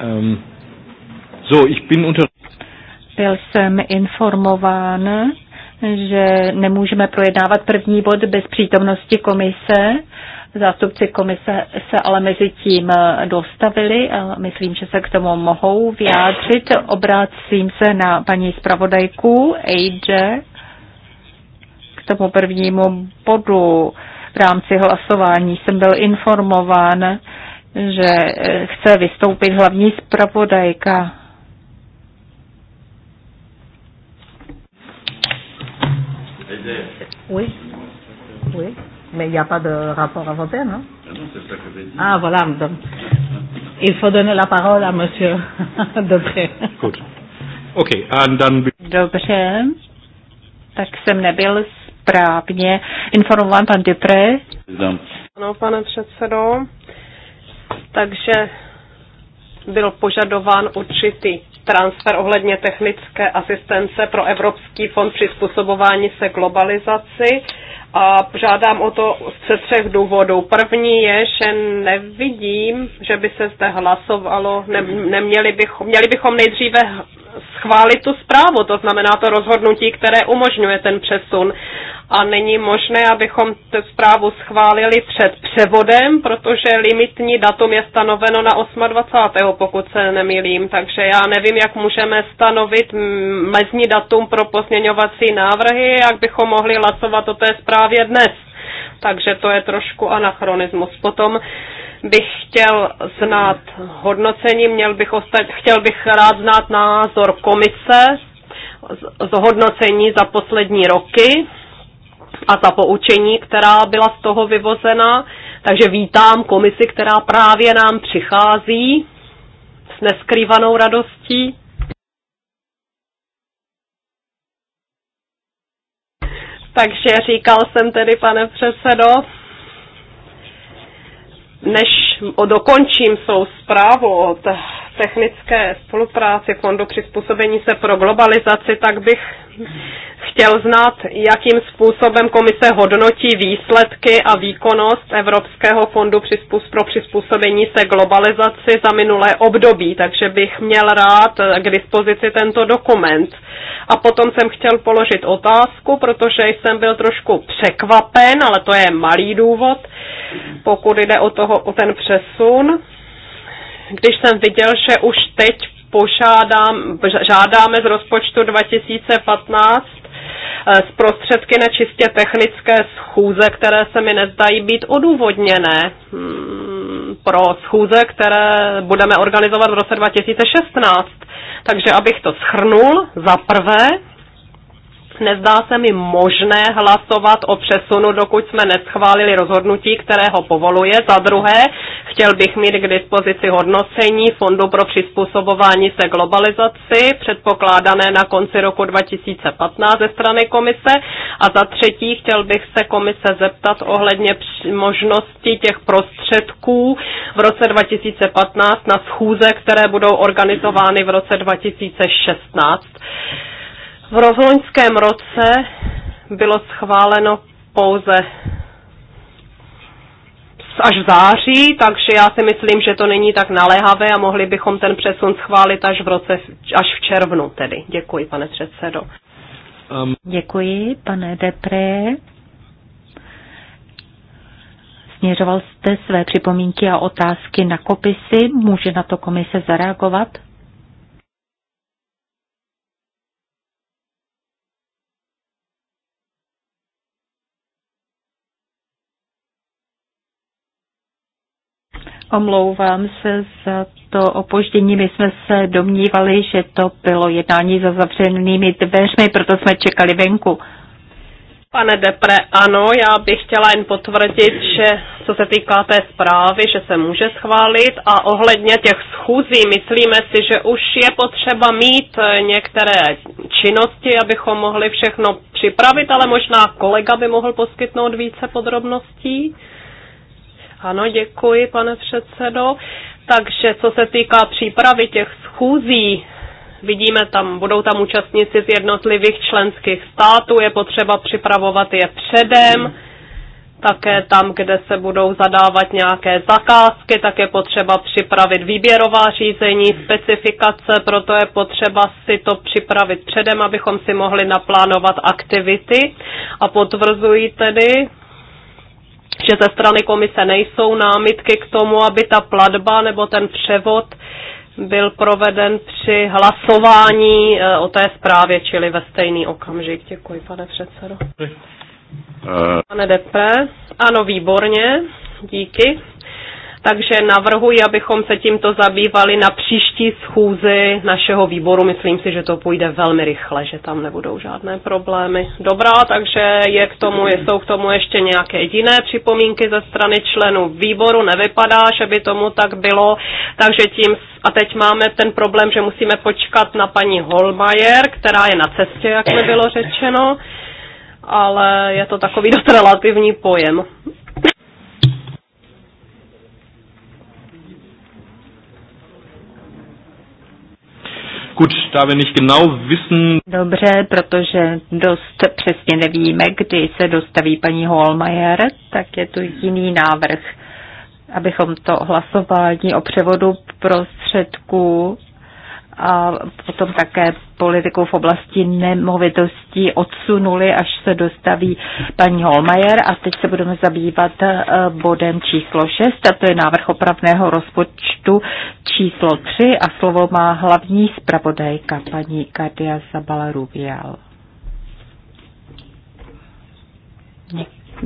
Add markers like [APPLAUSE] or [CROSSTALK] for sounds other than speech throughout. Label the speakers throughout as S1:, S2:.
S1: Um, so, ich bin unter... Byl jsem informován, že nemůžeme projednávat první bod bez přítomnosti komise. Zástupci komise se ale mezi tím dostavili a myslím, že se k tomu mohou vyjádřit. Obrácím se na paní zpravodajku Age k tomu prvnímu bodu. V rámci hlasování jsem byl informován, že eh, chce vystoupit hlavní zpravodajka. Oui. Oui. Mais il n'y a pas de rapport à voter, non Ah, voilà. Donc, il faut donner la parole à monsieur [LAUGHS] Dobré. Good. OK. and then... Dobře. Tak jsem nebyl správně informován pan Dupré.
S2: Ano, pane předsedo. Takže byl požadován určitý transfer ohledně technické asistence pro Evropský fond přizpůsobování se globalizaci a žádám o to ze třech důvodů. První je, že nevidím, že by se zde hlasovalo, ne, neměli bychom, měli bychom nejdříve schválit tu zprávu, to znamená to rozhodnutí, které umožňuje ten přesun. A není možné, abychom tu zprávu schválili před převodem, protože limitní datum je stanoveno na 28. pokud se nemýlím. Takže já nevím, jak můžeme stanovit mezní datum pro pozměňovací návrhy, jak bychom mohli hlasovat o té zprávě právě dnes. Takže to je trošku anachronismus. Potom bych chtěl znát hodnocení, měl bych osta- chtěl bych rád znát názor komise z hodnocení za poslední roky a za poučení, která byla z toho vyvozena. Takže vítám komisi, která právě nám přichází s neskrývanou radostí. Takže říkal jsem tedy, pane předsedo, než dokončím svou zprávu od technické spolupráci Fondu přizpůsobení se pro globalizaci, tak bych chtěl znát, jakým způsobem komise hodnotí výsledky a výkonnost Evropského fondu pro přizpůsobení se globalizaci za minulé období, takže bych měl rád k dispozici tento dokument. A potom jsem chtěl položit otázku, protože jsem byl trošku překvapen, ale to je malý důvod, pokud jde o, toho, o ten přesun když jsem viděl, že už teď požádám, žádáme z rozpočtu 2015 eh, z prostředky na čistě technické schůze, které se mi nezdají být odůvodněné hmm, pro schůze, které budeme organizovat v roce 2016. Takže abych to schrnul, za prvé, Nezdá se mi možné hlasovat o přesunu, dokud jsme neschválili rozhodnutí, které ho povoluje. Za druhé, chtěl bych mít k dispozici hodnocení Fondu pro přizpůsobování se globalizaci, předpokládané na konci roku 2015 ze strany komise. A za třetí, chtěl bych se komise zeptat ohledně možnosti těch prostředků v roce 2015 na schůze, které budou organizovány v roce 2016. V rozloňském roce bylo schváleno pouze až v září, takže já si myslím, že to není tak naléhavé a mohli bychom ten přesun schválit až v roce, až v červnu tedy. Děkuji, pane předsedo.
S1: Um. Děkuji, pane Depré. Směřoval jste své připomínky a otázky na kopisy. Může na to komise zareagovat? Omlouvám se za to opoždění. My jsme se domnívali, že to bylo jednání za zavřenými dveřmi, proto jsme čekali venku.
S2: Pane Depre, ano, já bych chtěla jen potvrdit, že co se týká té zprávy, že se může schválit a ohledně těch schůzí myslíme si, že už je potřeba mít eh, některé činnosti, abychom mohli všechno připravit, ale možná kolega by mohl poskytnout více podrobností. Ano, děkuji, pane předsedo. Takže co se týká přípravy těch schůzí, vidíme tam, budou tam účastníci z jednotlivých členských států, je potřeba připravovat je předem, také tam, kde se budou zadávat nějaké zakázky, tak je potřeba připravit výběrová řízení, specifikace, proto je potřeba si to připravit předem, abychom si mohli naplánovat aktivity. A potvrzují tedy, že ze strany komise nejsou námitky k tomu, aby ta platba nebo ten převod byl proveden při hlasování eh, o té zprávě, čili ve stejný okamžik. Děkuji, pane předsedo. Pane Depre, ano, výborně, díky. Takže navrhuji, abychom se tímto zabývali na příští schůzi našeho výboru. Myslím si, že to půjde velmi rychle, že tam nebudou žádné problémy. Dobrá, takže je k tomu, jsou k tomu ještě nějaké jiné připomínky ze strany členů výboru. Nevypadá, že by tomu tak bylo. Takže tím a teď máme ten problém, že musíme počkat na paní Holmajer, která je na cestě, jak mi bylo řečeno ale je to takový dost relativní pojem.
S1: Gut, da wir nicht genau wissen... Dobře, protože dost přesně nevíme, kdy se dostaví paní Holmeier, tak je tu jiný návrh, abychom to hlasování o převodu prostředků a potom také politiku v oblasti nemovitostí odsunuli, až se dostaví paní Holmajer a teď se budeme zabývat eh, bodem číslo 6 a to je návrh opravného rozpočtu číslo 3 a slovo má hlavní zpravodajka paní Katia Zabala Rubial.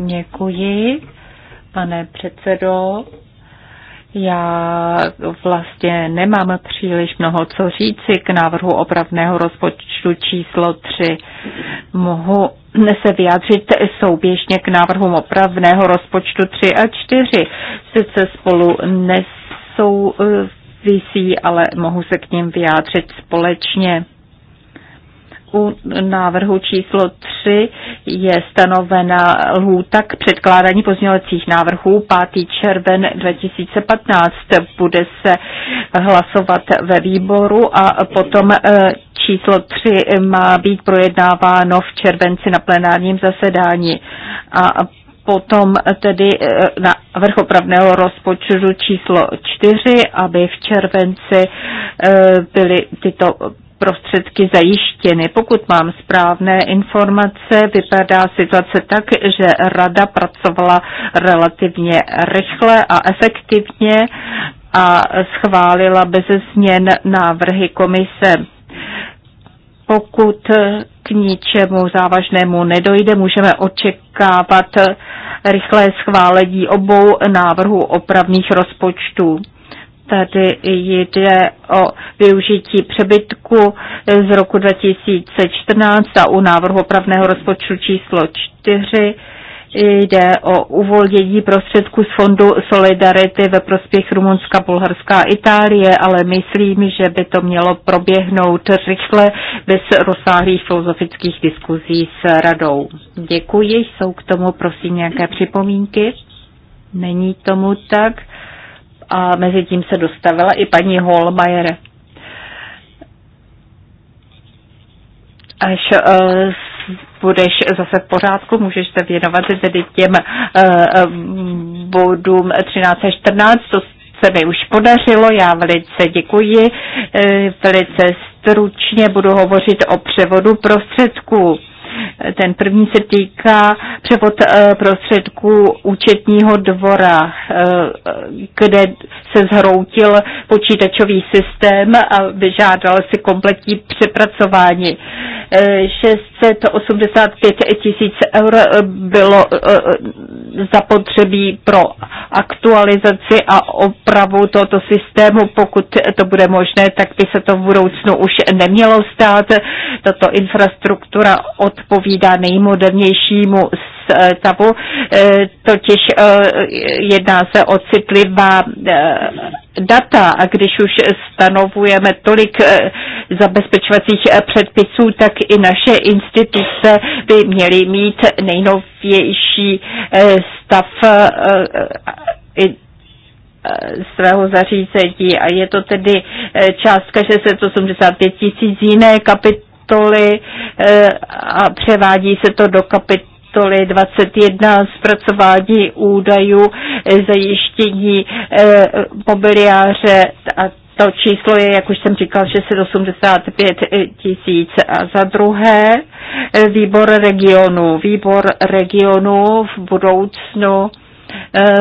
S1: Děkuji, pane předsedo. Já vlastně nemám příliš mnoho co říci k návrhu opravného rozpočtu číslo 3. Mohu se vyjádřit souběžně k návrhům opravného rozpočtu 3 a 4. Sice spolu nesouvisí, e, ale mohu se k ním vyjádřit společně u návrhu číslo 3 je stanovena lhůta k předkládání pozměňovacích návrhů 5. červen 2015. Bude se hlasovat ve výboru a potom eh, číslo 3 má být projednáváno v červenci na plenárním zasedání. A potom tedy eh, na vrchopravného rozpočtu číslo 4, aby v červenci eh, byly tyto prostředky zajištěny. Pokud mám správné informace, vypadá situace tak, že rada pracovala relativně rychle a efektivně a schválila bez změn návrhy komise. Pokud k ničemu závažnému nedojde, můžeme očekávat rychlé schválení obou návrhů opravných rozpočtů. Tady jde o využití přebytku z roku 2014 a u návrhu opravného rozpočtu číslo 4 jde o uvolnění prostředků z Fondu Solidarity ve prospěch Rumunska, Bulharska a Itálie, ale myslím, že by to mělo proběhnout rychle bez rozsáhlých filozofických diskuzí s radou. Děkuji. Jsou k tomu prosím nějaké připomínky? Není tomu tak a mezi tím se dostavila i paní Holmajer. Až uh, budeš zase v pořádku, můžeš se věnovat tedy těm uh, bodům 13 a 14, to se mi už podařilo, já velice děkuji, eh, velice stručně budu hovořit o převodu prostředků ten první se týká převod eh, prostředků účetního dvora, eh, kde se zhroutil počítačový systém a vyžádal si kompletní přepracování. 685 eh, tisíc eur bylo zapotřebí pro aktualizaci a opravu tohoto systému. Pokud to bude možné, tak by se to v budoucnu už nemělo stát. Tato infrastruktura odpovídá nejmodernějšímu Eh, tabu, eh, totiž eh, jedná se o citlivá data a když už stanovujeme tolik zabezpečovacích předpisů, tak i naše instituce by měly mít nejnovější stav svého zařízení a je to tedy částka 685 tisíc jiné kapitoly a převádí se to do kapitoly kapitoly 21 zpracování údajů, eh, zajištění eh, mobiliáře a to číslo je, jak už jsem říkal, 685 eh, tisíc. A za druhé výbor regionu. Výbor regionu v budoucnu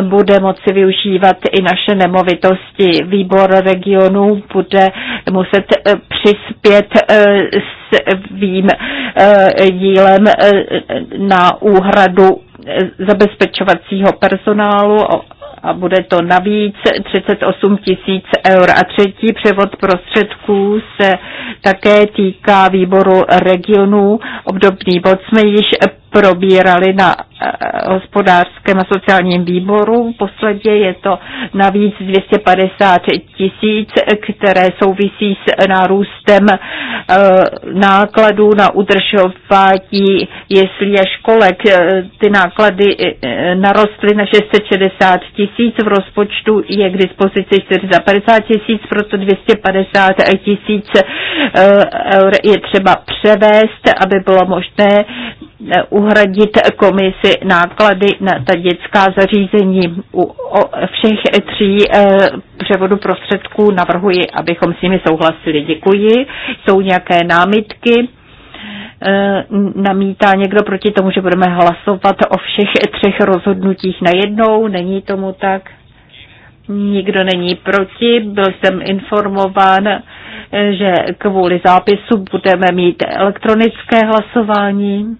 S1: bude moci využívat i naše nemovitosti. Výbor regionů bude muset přispět svým eh, dílem eh, na úhradu eh, zabezpečovacího personálu a bude to navíc 38 tisíc eur. A třetí převod prostředků se také týká výboru regionů. Obdobný bod jsme již probírali na eh, hospodářském a sociálním výboru. Posledně je to navíc 250 tisíc, které souvisí s nárůstem eh, nákladů na udržování jestli a školek. Eh, ty náklady narostly na 660 tisíc, v rozpočtu je k dispozici 450 tisíc, proto 250 tisíc je třeba převést, aby bylo možné uhradit komisi náklady na ta dětská zařízení. U všech tří eh, převodu prostředků navrhuji, abychom s nimi souhlasili. Děkuji. Jsou nějaké námitky? Eh, namítá někdo proti tomu, že budeme hlasovat o všech třech rozhodnutích najednou. Není tomu tak? Nikdo není proti. Byl jsem informován, eh, že kvůli zápisu budeme mít elektronické hlasování.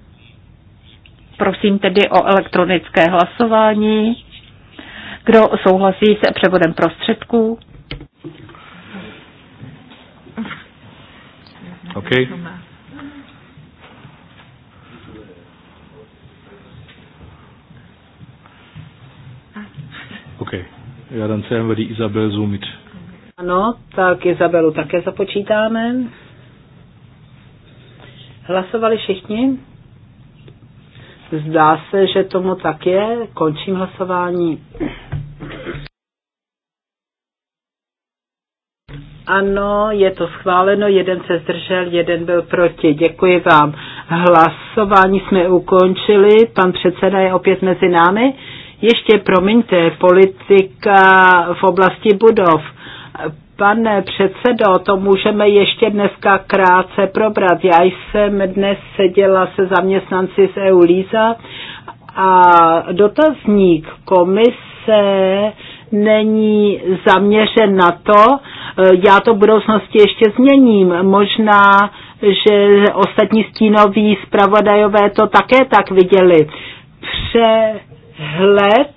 S1: Prosím tedy o elektronické hlasování. Kdo souhlasí se převodem prostředků? OK. OK. Já dám se vedí Izabel Isabel Ano, tak Izabelu také započítáme. Hlasovali všichni? Zdá se, že tomu tak je. Končím hlasování. Ano, je to schváleno, jeden se zdržel, jeden byl proti. Děkuji vám. Hlasování jsme ukončili, pan předseda je opět mezi námi. Ještě promiňte, politika v oblasti budov Pane předsedo, to můžeme ještě dneska krátce probrat. Já jsem dnes seděla se zaměstnanci z EU Líza a dotazník komise není zaměřen na to, já to v budoucnosti ještě změním, možná, že ostatní stínoví zpravodajové to také tak viděli. Přehled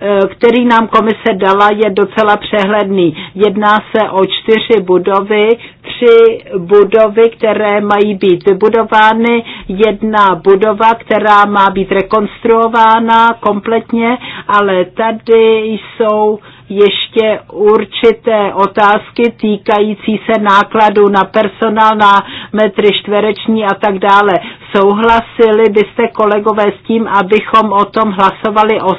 S1: Eh, který nám komise dala, je docela přehledný. Jedná se o čtyři budovy, tři budovy, které mají být vybudovány, jedna budova, která má být rekonstruována kompletně, ale tady jsou ještě určité otázky týkající se nákladu na personál, na metry čtvereční a tak dále. Souhlasili byste kolegové s tím, abychom o tom hlasovali 8.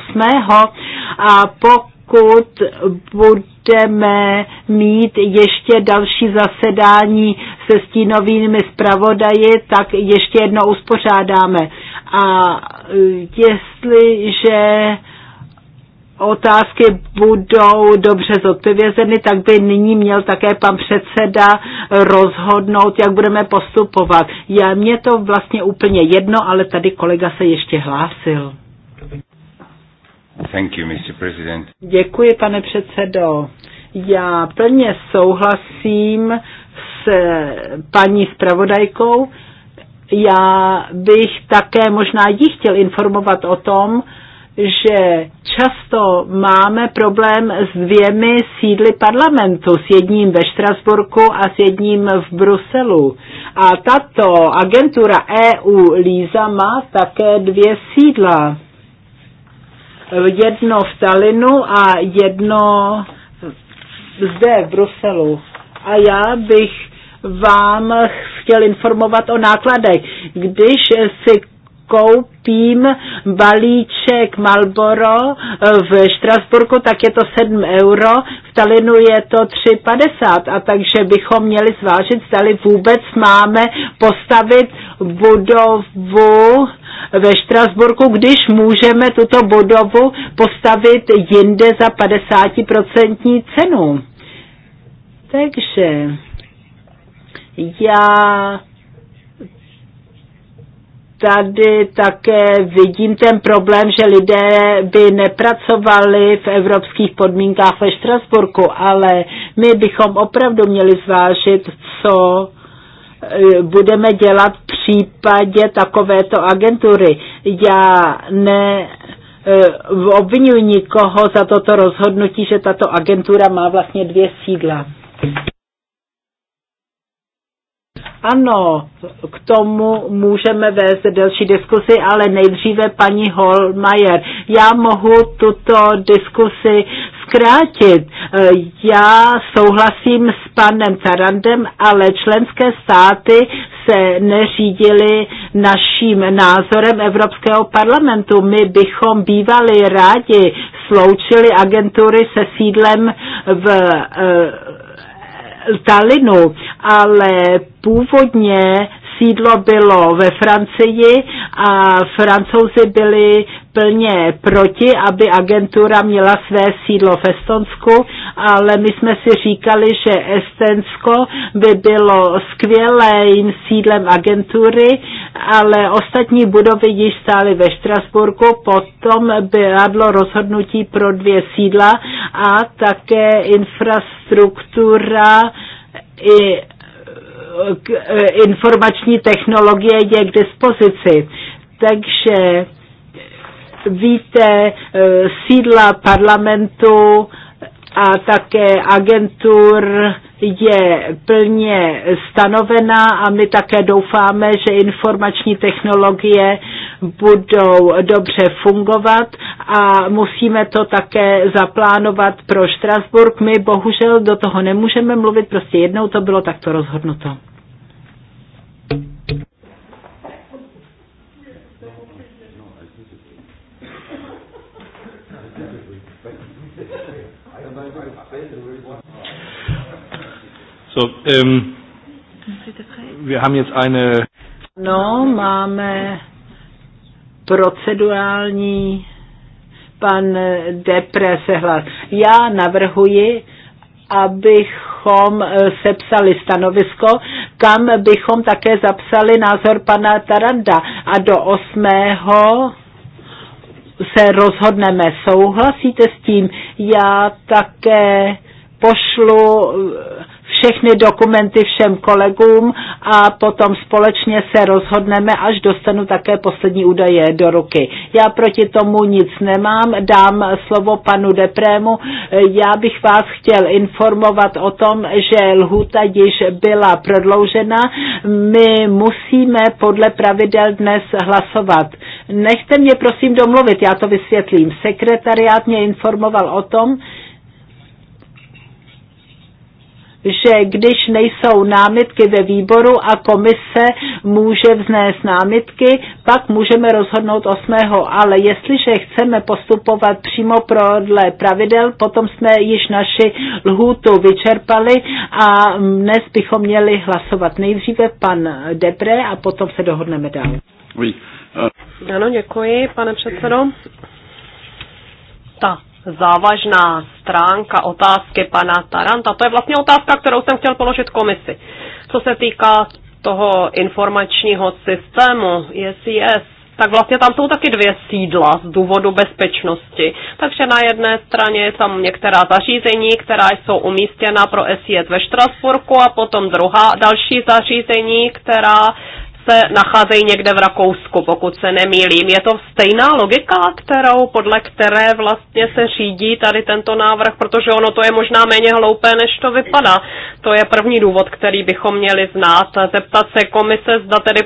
S1: a pokud budeme mít ještě další zasedání se stínovými zpravodaji, tak ještě jedno uspořádáme. A jestliže otázky budou dobře zodpovězeny, tak by nyní měl také pan předseda rozhodnout, jak budeme postupovat. Já, mě to vlastně úplně jedno, ale tady kolega se ještě hlásil.
S2: Thank you, Mr. President.
S1: Děkuji, pane předsedo. Já plně souhlasím s paní zpravodajkou. Já bych také možná ji chtěl informovat o tom, že často máme problém s dvěmi sídly parlamentu, s jedním ve Štrasburku a s jedním v Bruselu. A tato agentura EU Líza má také dvě sídla. Jedno v Talinu a jedno zde v Bruselu. A já bych vám chtěl informovat o nákladech. Když si koupím balíček Malboro eh, v Štrasburku, tak je to 7 euro, v Talinu je to 3,50 a takže bychom měli zvážit, zdali vůbec máme postavit budovu ve Štrasburku, když můžeme tuto budovu postavit jinde za 50% cenu. Takže já tady také vidím ten problém, že lidé by nepracovali v evropských podmínkách ve Štrasburku, ale my bychom opravdu měli zvážit, co eh, budeme dělat v případě takovéto agentury. Já ne eh, obvinuji nikoho za toto rozhodnutí, že tato agentura má vlastně dvě sídla. Ano, k tomu můžeme vést delší diskusy, ale nejdříve paní Holmajer. Já mohu tuto diskusi zkrátit. E, já souhlasím s panem Tarandem, ale členské státy se neřídili naším názorem Evropského parlamentu. My bychom bývali rádi sloučili agentury se sídlem v e, Talinu, ale původně sídlo bylo ve Francii a francouzi byli plně proti, aby agentura měla své sídlo v Estonsku, ale my jsme si říkali, že Estonsko by bylo skvělým sídlem agentury, ale ostatní budovy již stály ve Štrasburku, potom by bylo rozhodnutí pro dvě sídla a také infrastruktura i Eh, informační technologie je k dispozici. Takže eh, víte, eh, sídla parlamentu a také agentur je plně stanovená a my také doufáme, že informační technologie budou dobře fungovat a musíme to také zaplánovat pro Štrasburg. My bohužel do toho nemůžeme mluvit, prostě jednou to bylo takto rozhodnuto. So, ähm, wir haben jetzt eine... No, máme procedurální pan Depre se hlas. Já navrhuji, abychom eh, sepsali stanovisko, kam bychom také zapsali názor pana Taranda. A do 8 se rozhodneme. Souhlasíte s tím? Já také pošlu eh, všechny dokumenty všem kolegům a potom společně se rozhodneme, až dostanu také poslední údaje do ruky. Já proti tomu nic nemám, dám slovo panu Deprému. Eh, já bych vás chtěl informovat o tom, že lhuta již byla prodloužena. My musíme podle pravidel dnes hlasovat. Nechte mě prosím domluvit, já to vysvětlím. Sekretariát mě informoval o tom, že když nejsou námitky ve výboru a komise může vznést námitky, pak můžeme rozhodnout 8. Ale jestliže chceme postupovat přímo podle pravidel, potom jsme již naši lhůtu vyčerpali a dnes bychom měli hlasovat nejdříve pan Debre a potom se
S2: dohodneme dál. Oui. Ano, děkuji, pane předsedo. Ta závažná stránka otázky pana Taranta, to je vlastně otázka, kterou jsem chtěl položit komisi. Co se týká toho informačního systému SIS, tak vlastně tam jsou taky dvě sídla z důvodu bezpečnosti. Takže na jedné straně tam některá zařízení, která jsou umístěna pro SIS ve Štrasburku a potom druhá další zařízení, která se nacházejí někde v Rakousku, pokud se nemýlím. Je to stejná logika, kterou, podle které vlastně se řídí tady tento návrh, protože ono to je možná méně hloupé, než to vypadá. To je první důvod, který bychom měli znát. Zeptat se komise, zda tedy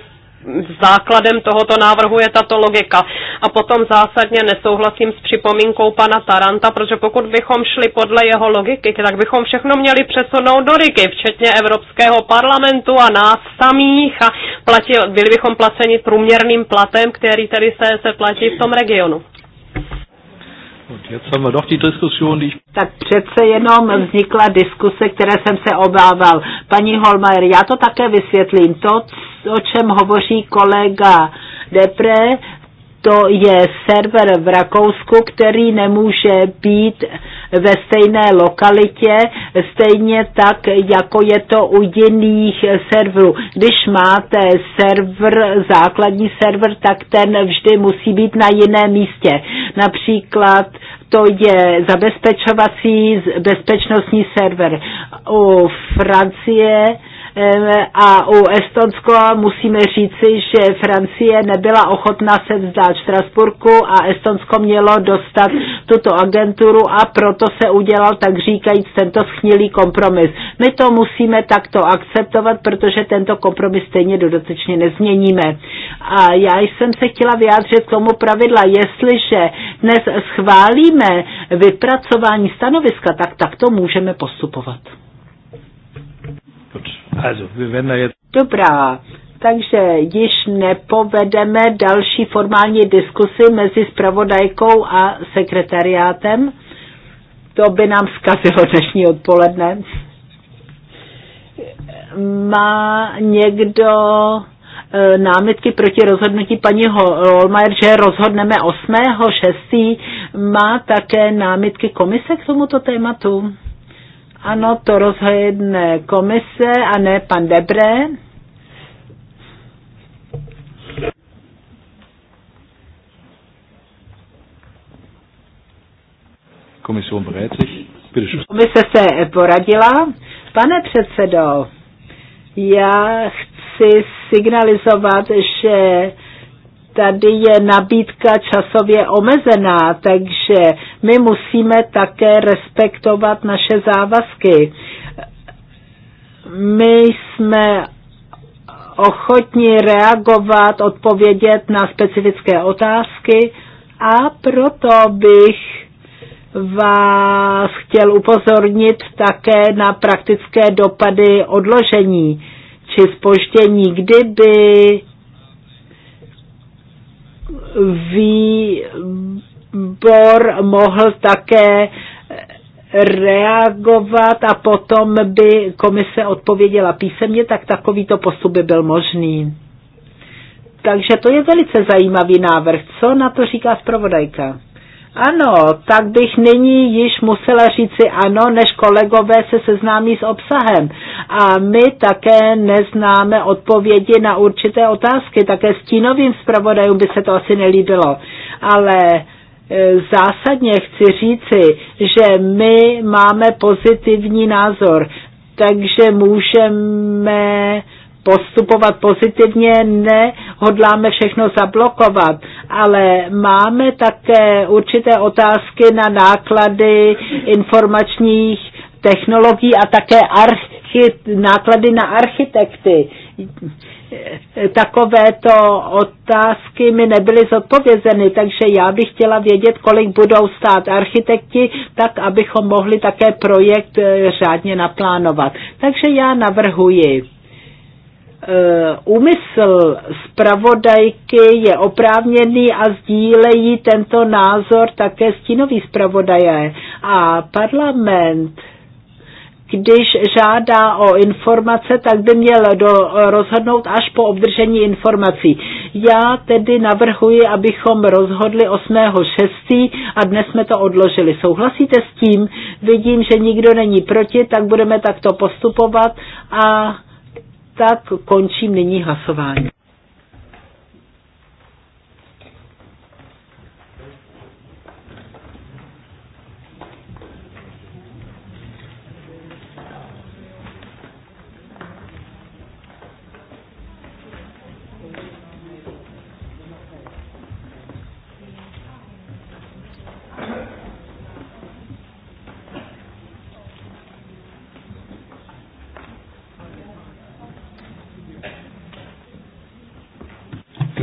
S2: základem tohoto návrhu je tato logika. A potom zásadně nesouhlasím s připomínkou pana Taranta, protože pokud bychom šli podle jeho logiky, tak bychom všechno měli přesunout do Riky, včetně Evropského parlamentu a nás samých a platil, byli bychom placeni průměrným platem, který tedy se, se platí v tom regionu. Tak přece
S1: jenom vznikla diskuse, které jsem se obával. Paní Holmajer, já to také vysvětlím. To, o čem hovoří kolega Depre, to je server v Rakousku, který nemůže být ve stejné lokalitě, stejně tak, jako je to u jiných serverů. Když máte server, základní server, tak ten vždy musí být na jiném místě. Například to je zabezpečovací bezpečnostní server. U Francie a u Estonsko musíme říci, že Francie nebyla ochotná se vzdát Štrasburku a Estonsko mělo dostat tuto agenturu a proto se udělal, tak říkajíc, tento schnilý kompromis. My to musíme takto akceptovat, protože tento kompromis stejně dodatečně nezměníme. A já jsem se chtěla vyjádřit tomu pravidla, jestliže dnes schválíme vypracování stanoviska, tak tak to můžeme postupovat. Dobrá, takže již nepovedeme další formální diskusy mezi spravodajkou a sekretariátem. To by nám zkazilo dnešní odpoledne. Má někdo e, námitky proti rozhodnutí paní Holmajer, že rozhodneme 6. Má také námitky komise k tomuto tématu? Ano, to rozhodne komise a ne pan Debre. Komise Komise se poradila. Pane předsedo, já chci signalizovat, že tady je nabídka časově omezená, takže my musíme také respektovat naše závazky. My jsme ochotní reagovat, odpovědět na specifické otázky a proto bych vás chtěl upozornit také na praktické dopady odložení či spoždění, kdyby výbor mohl také reagovat a potom by komise odpověděla písemně, tak takovýto postup by byl možný. Takže to je velice zajímavý návrh. Co na to říká zpravodajka? Ano, tak bych nyní již musela říci ano, než kolegové se seznámí s obsahem. A my také neznáme odpovědi na určité otázky. Také stínovým zpravodajům by se to asi nelíbilo. Ale e, zásadně chci říci, že my máme pozitivní názor, takže můžeme postupovat pozitivně, nehodláme všechno zablokovat, ale máme také určité otázky na náklady informačních technologií a také náklady na architekty. Takovéto otázky mi nebyly zodpovězeny, takže já bych chtěla vědět, kolik budou stát architekti, tak abychom mohli také projekt eh, řádně naplánovat. Takže já navrhuji Eh, úmysl zpravodajky je oprávněný a sdílejí tento názor také stínový zpravodaje. A parlament, když žádá o informace, tak by měl do, rozhodnout až po obdržení informací. Já tedy navrhuji, abychom rozhodli 8.6. a dnes jsme to odložili. Souhlasíte s tím? Vidím, že nikdo není proti, tak budeme takto postupovat a tak končím nyní hlasování.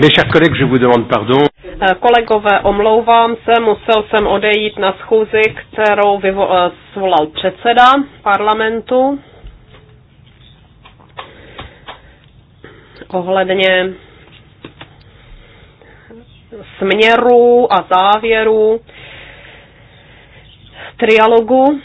S2: Mes chers collègues, je vous demande pardon. Eh, kolegové, omlouvám se, musel jsem odejít na schůzi, kterou vyvo- eh, svolal předseda parlamentu ohledně směru a závěru trialogu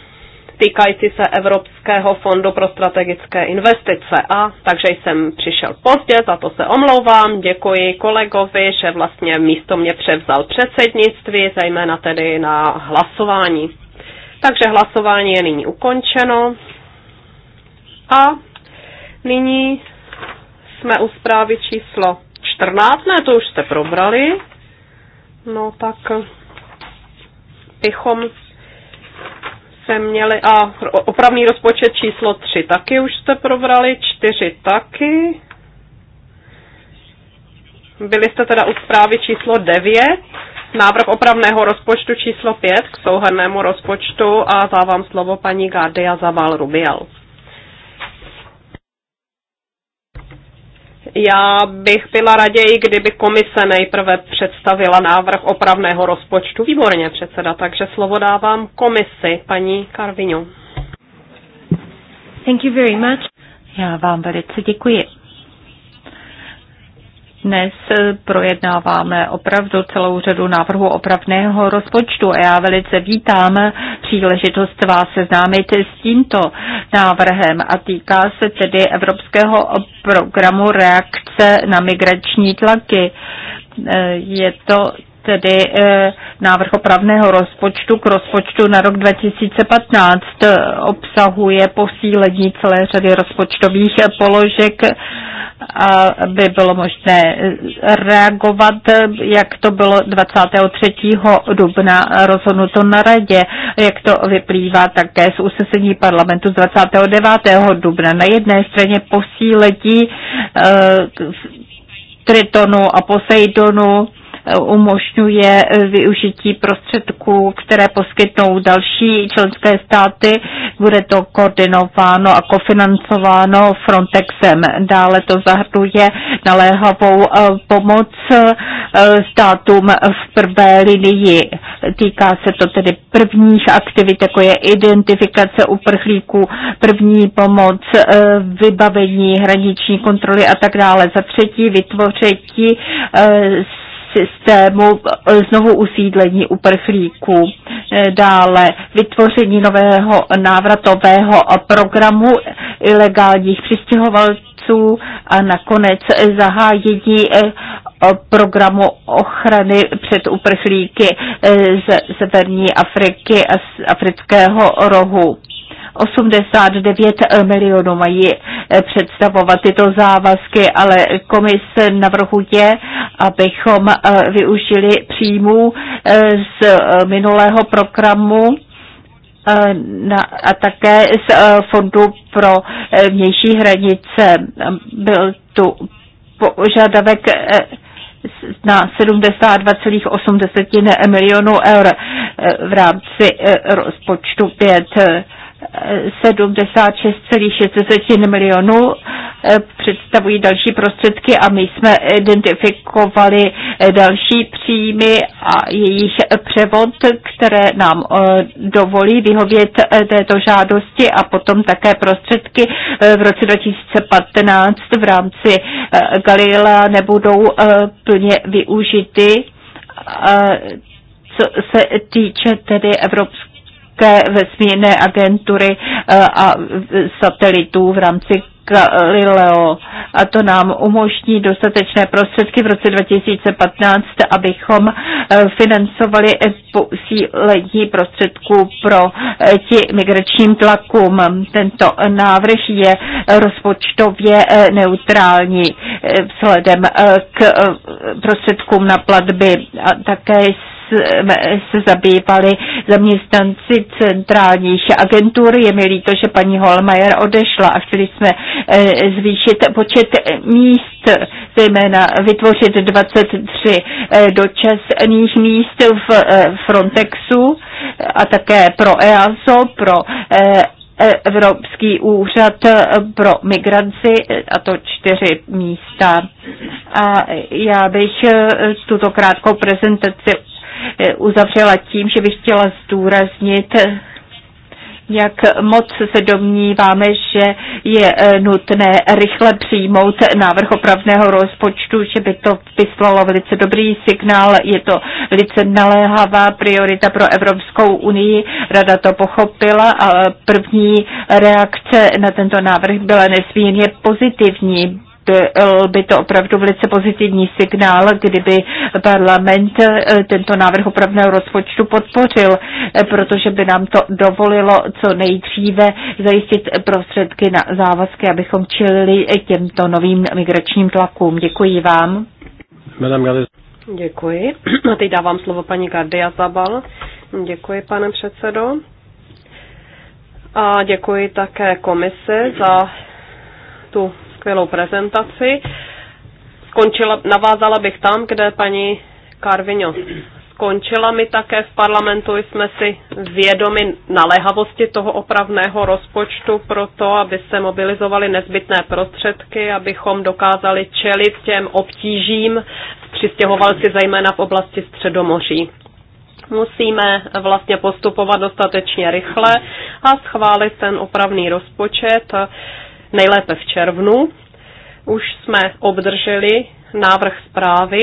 S2: týkající se Evropské Evropského fondu pro strategické investice. A takže jsem přišel pozdě, za to se omlouvám. Děkuji kolegovi, že vlastně místo mě převzal předsednictví, zejména tedy na hlasování. Takže hlasování je nyní ukončeno. A nyní jsme u zprávy číslo 14, ne, to už jste probrali. No tak bychom jsme měli a opravný rozpočet číslo 3 taky už jste probrali, 4 taky. Byli jste teda u zprávy číslo 9, návrh opravného rozpočtu číslo 5 k souhrnému rozpočtu a dávám slovo paní Gardia Zaval Rubial. Já bych byla raději, kdyby komise nejprve představila návrh opravného rozpočtu. Výborně, předseda, takže slovo dávám komisi, paní Karvinu.
S1: Thank you very much. Já vám velice děkuji. Dnes projednáváme opravdu celou řadu návrhů opravného rozpočtu a já velice vítám příležitost vás seznámit s tímto návrhem a týká se tedy Evropského programu reakce na migrační tlaky. Je to tedy eh, návrh opravného rozpočtu k rozpočtu na rok 2015 obsahuje posílení celé řady rozpočtových položek aby bylo možné reagovat, jak to bylo 23. dubna rozhodnuto na radě, jak to vyplývá také z usesení parlamentu z 29. dubna. Na jedné straně posíletí eh, Tritonu a Poseidonu umožňuje eh, využití prostředků, které poskytnou další členské státy. Bude to koordinováno a kofinancováno Frontexem. Dále to zahrnuje naléhavou eh, pomoc eh, státům v prvé linii. Týká se to tedy prvních aktivit, jako je identifikace uprchlíků, první pomoc, vybavení hraniční kontroly a tak dále. Za třetí vytvoření systému e, znovu usídlení uprchlíků. E, dále vytvoření nového návratového programu ilegálních přistěhovalců a nakonec zahájení e, programu ochrany před uprchlíky z severní Afriky a z afrického rohu. 89 milionů mají eh, představovat tyto závazky, ale komise navrhuje, abychom eh, využili příjmů eh, z minulého programu na, a také z Fondu pro vnější hranice. Byl tu požadavek na 72,8 milionů eur v rámci rozpočtu 5 76,6 milionů eh, představují další prostředky a my jsme identifikovali eh, další příjmy a jejich převod, které nám eh, dovolí vyhovět této žádosti a potom také prostředky v roce 2015 v rámci Galilea nebudou plně využity. Co se týče tedy Evropské také vesmírné agentury eh, a satelitů v rámci Galileo a to nám umožní dostatečné prostředky v roce 2015, abychom eh, financovali posílení prostředků pro eh, ti migračním tlakům. Tento návrh je rozpočtově neutrální vzhledem k prostředkům na platby a také se zabývali zaměstnanci centrálních agentur. Je mi líto, že paní Holmajer odešla a chtěli jsme eh, zvýšit počet míst, zejména vytvořit 23 eh, dočasných míst v eh, Frontexu a také pro EASO, pro Evropský úřad pro migranci, a to čtyři místa. A já bych tuto krátkou prezentaci Eh, uzavřela tím, že bych chtěla zdůraznit, jak moc se domníváme, že je eh, nutné rychle přijmout návrh opravného rozpočtu, že by to vyslalo velice dobrý signál. Je to velice naléhavá priorita pro Evropskou unii. Rada to pochopila a první reakce na tento návrh byla nesmírně pozitivní byl eh, by to opravdu velice pozitivní signál, kdyby parlament eh, tento návrh opravného rozpočtu podpořil, eh, protože by nám to dovolilo co nejdříve zajistit prostředky na závazky, abychom čelili těmto novým migračním tlakům. Děkuji vám.
S2: Děkuji. [CLEARS THROAT] A teď dávám slovo paní Gardia Zabal. Děkuji, pane předsedo. A děkuji také komise za tu skvělou prezentaci. Skončila, navázala bych tam, kde paní Carvino skončila. My také v parlamentu jsme si vědomi naléhavosti toho opravného rozpočtu pro to, aby se mobilizovaly nezbytné prostředky, abychom dokázali čelit těm obtížím přistěhovalci zejména v oblasti Středomoří. Musíme vlastně postupovat dostatečně rychle a schválit ten opravný rozpočet nejlépe v červnu. Už jsme obdrželi návrh zprávy,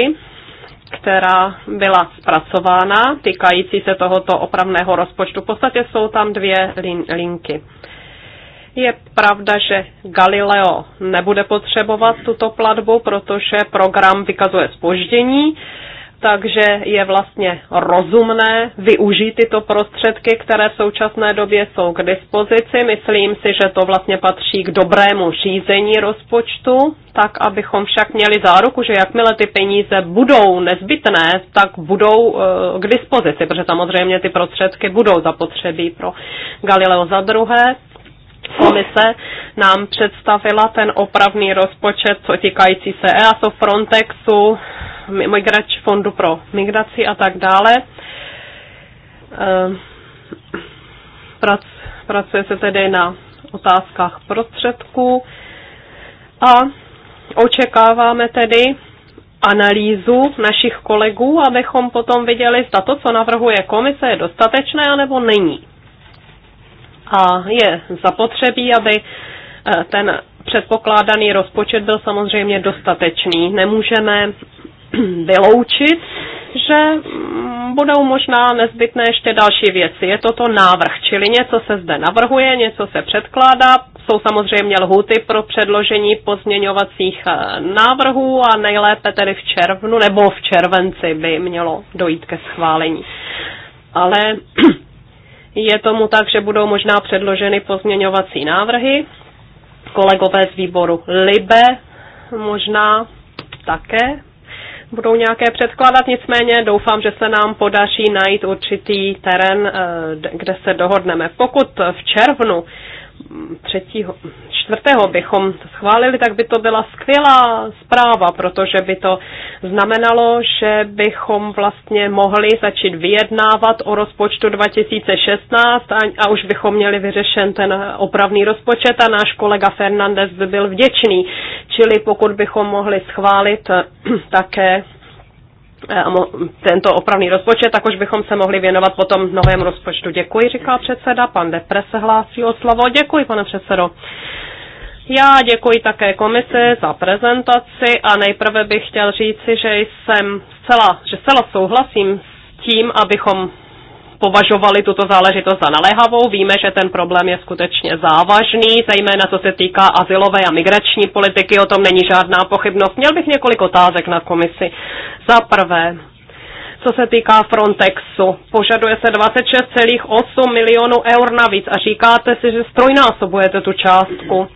S2: která byla zpracována, týkající se tohoto opravného rozpočtu. V podstatě jsou tam dvě lin- linky. Je pravda, že Galileo nebude potřebovat tuto platbu, protože program vykazuje spoždění, takže je vlastně rozumné využít tyto prostředky, které v současné době jsou k dispozici. Myslím si, že to vlastně patří k dobrému řízení rozpočtu, tak abychom však měli záruku, že jakmile ty peníze budou nezbytné, tak budou eh, k dispozici, protože samozřejmě ty prostředky budou zapotřebí pro Galileo za druhé. Komise nám představila ten opravný rozpočet co týkající se EASO, Frontexu, migrač, Fondu pro migraci a tak dále. Ehm, prac, pracuje se tedy na otázkách prostředků a očekáváme tedy analýzu našich kolegů, abychom potom viděli, zda to, co navrhuje komise, je dostatečné anebo není. A je zapotřebí, aby eh, ten předpokládaný rozpočet byl samozřejmě dostatečný. Nemůžeme [CLEARS THROAT] vyloučit, že mm, budou možná nezbytné ještě další věci. Je to to návrh, čili něco se zde navrhuje, něco se předkládá, jsou samozřejmě lhuty pro předložení pozměňovacích eh, návrhů a nejlépe tedy v červnu nebo v červenci by mělo dojít ke schválení. Ale [CLEARS THROAT] Je tomu tak, že budou možná předloženy pozměňovací návrhy. Kolegové z výboru LIBE možná také budou nějaké předkládat, nicméně doufám, že se nám podaří najít určitý terén, eh, kde se dohodneme. Pokud v červnu třetího, čtvrtého bychom schválili, tak by to byla skvělá zpráva, protože by to znamenalo, že bychom vlastně mohli začít vyjednávat o rozpočtu 2016 a, a už bychom měli vyřešen ten opravný rozpočet a náš kolega Fernandez by byl vděčný. Čili pokud bychom mohli schválit eh, [CLEARS THROAT] také Eh, tento opravný rozpočet, tak už bychom se mohli věnovat potom novém rozpočtu. Děkuji, říká předseda. Pan Depre se hlásí o slovo. Děkuji, pane předsedo. Já děkuji také komisi za prezentaci a nejprve bych chtěl říci, že jsem zcela, že zcela souhlasím s tím, abychom považovali tuto záležitost za naléhavou. Víme, že ten problém je skutečně závažný, zejména co se týká asilové a migrační politiky, o tom není žádná pochybnost. Měl bych několik otázek na komisi. Za prvé, co se týká Frontexu. Požaduje se 26,8 milionů eur navíc a říkáte si, že strojnásobujete tu částku.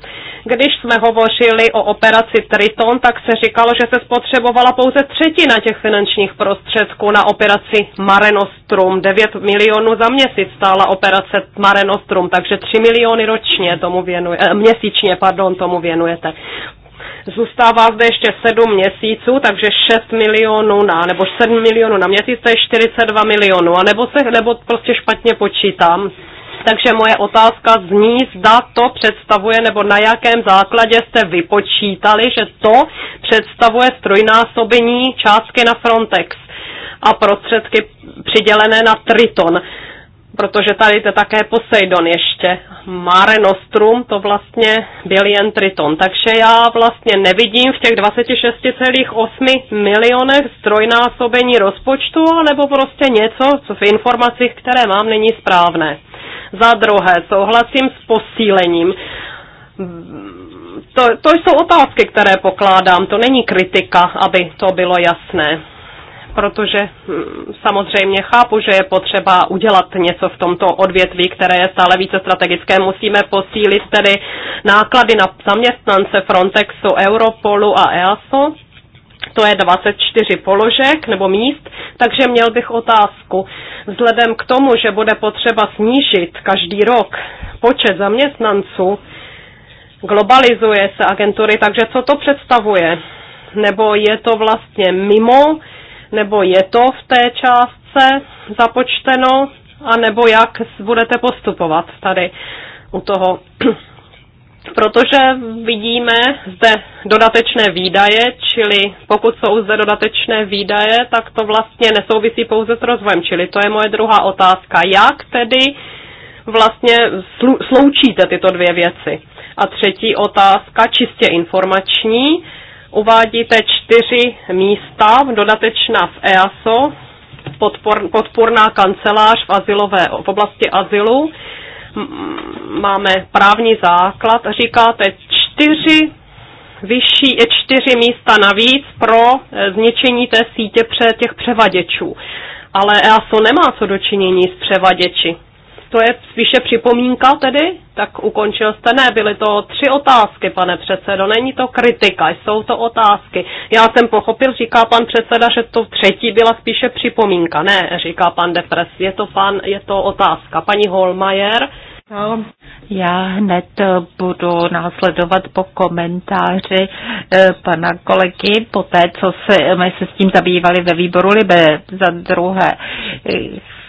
S2: Když jsme hovořili o operaci Triton, tak se říkalo, že se spotřebovala pouze třetina těch finančních prostředků na operaci Mare Nostrum. 9 milionů za měsíc stála operace Mare Nostrum, takže 3 miliony ročně tomu věnuje, eh, měsíčně pardon, tomu věnujete. Zůstává zde ještě 7 měsíců, takže 6 milionů na, nebo 7 milionů na měsíc, to je 42 milionů, a nebo, se, nebo prostě špatně počítám. Takže moje otázka zní, zda to představuje nebo na jakém základě jste vypočítali, že to představuje strojnásobení částky na Frontex a prostředky přidělené na Triton protože tady to také Poseidon ještě. Mare Nostrum to vlastně byl jen Triton. Takže já vlastně nevidím v těch 26,8 milionech strojnásobení rozpočtu, nebo prostě něco co v informacích, které mám, není správné. Za druhé, souhlasím s posílením to, to jsou otázky, které pokládám, to není kritika, aby to bylo jasné. Protože hm, samozřejmě chápu, že je potřeba udělat něco v tomto odvětví, které je stále více strategické. Musíme posílit tedy náklady na zaměstnance Frontexu, Europolu a EASO to je 24 položek nebo míst, takže měl bych otázku. Vzhledem k tomu, že bude potřeba snížit každý rok počet zaměstnanců, globalizuje se agentury, takže co to představuje? Nebo je to vlastně mimo, nebo je to v té částce započteno, a nebo jak budete postupovat tady u toho protože vidíme zde dodatečné výdaje, čili pokud jsou zde dodatečné výdaje, tak to vlastně nesouvisí pouze s rozvojem, čili to je moje druhá otázka. Jak tedy vlastně sloučíte tyto dvě věci? A třetí otázka, čistě informační. Uvádíte čtyři místa, dodatečná v EASO, podpor, podporná kancelář v, azylové, v oblasti azylu máme právní základ, říkáte čtyři vyšší eh, čtyři místa navíc pro eh, zničení té sítě pře těch převaděčů. Ale EASO nemá co dočinění s převaděči to je spíše připomínka tedy? Tak ukončil jste. Ne, byly to tři otázky, pane předsedo. Není to kritika, jsou to otázky. Já jsem pochopil, říká pan předseda, že to třetí byla spíše připomínka. Ne, říká pan Depres. Je to, pan, je to otázka. Paní Holmajer. No,
S1: já hned eh, budu následovat po komentáři eh, pana kolegy, po té, co eh, my se s tím zabývali ve výboru Libe za druhé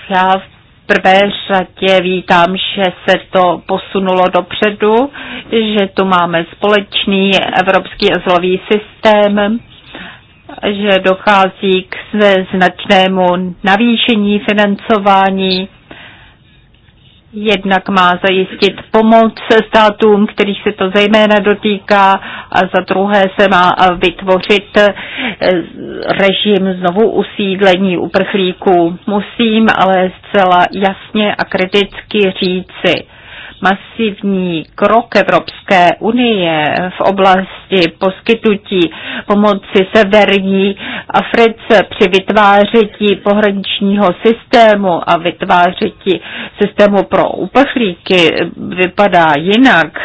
S1: já prvé řadě vítám, že se to posunulo dopředu, že tu máme společný evropský azylový systém, že dochází k značnému navýšení financování Jednak má zajistit pomoc státům, kterých se to zejména dotýká, a za druhé se má vytvořit eh, režim znovu usídlení uprchlíků. Musím ale zcela jasně a kriticky říci, masivní krok Evropské unie v oblasti poskytutí pomoci Severní Africe při vytváření pohraničního systému a vytváření systému pro uprchlíky vypadá jinak.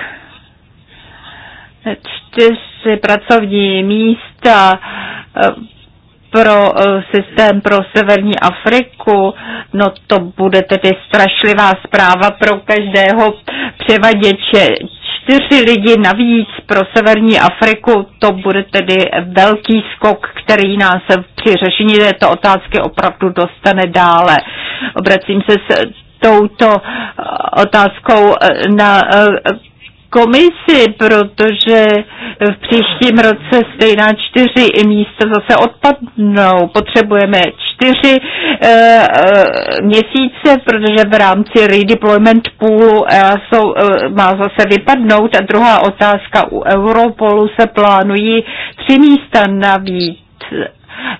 S1: Čtyři pracovní místa pro eh, systém pro severní Afriku, no to bude tedy strašlivá zpráva pro každého převaděče. Čtyři lidi navíc pro severní Afriku, to bude tedy velký skok, který nás při řešení této otázky opravdu dostane dále. Obracím se s touto eh, otázkou eh, na komisi, protože v příštím roce stejná čtyři místa zase odpadnou. Potřebujeme čtyři uh, uh, měsíce, protože v rámci redeployment poolu eh, jsou, uh, má zase vypadnout. A druhá otázka, u Europolu se plánují tři místa navíc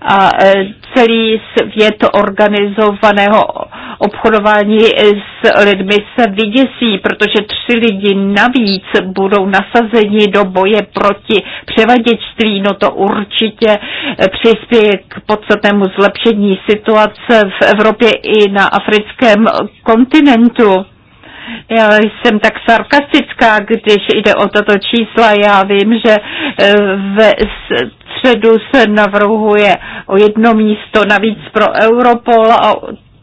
S1: a e, celý svět organizovaného obchodování s lidmi se vyděsí, protože tři lidi navíc budou nasazeni do boje proti převaděčství. No to určitě e, přispěje k podstatnému zlepšení situace v Evropě i na africkém kontinentu. Já jsem tak sarkastická, když jde o tato čísla. Já vím, že e, v středu se navrhuje o jedno místo navíc pro Europol a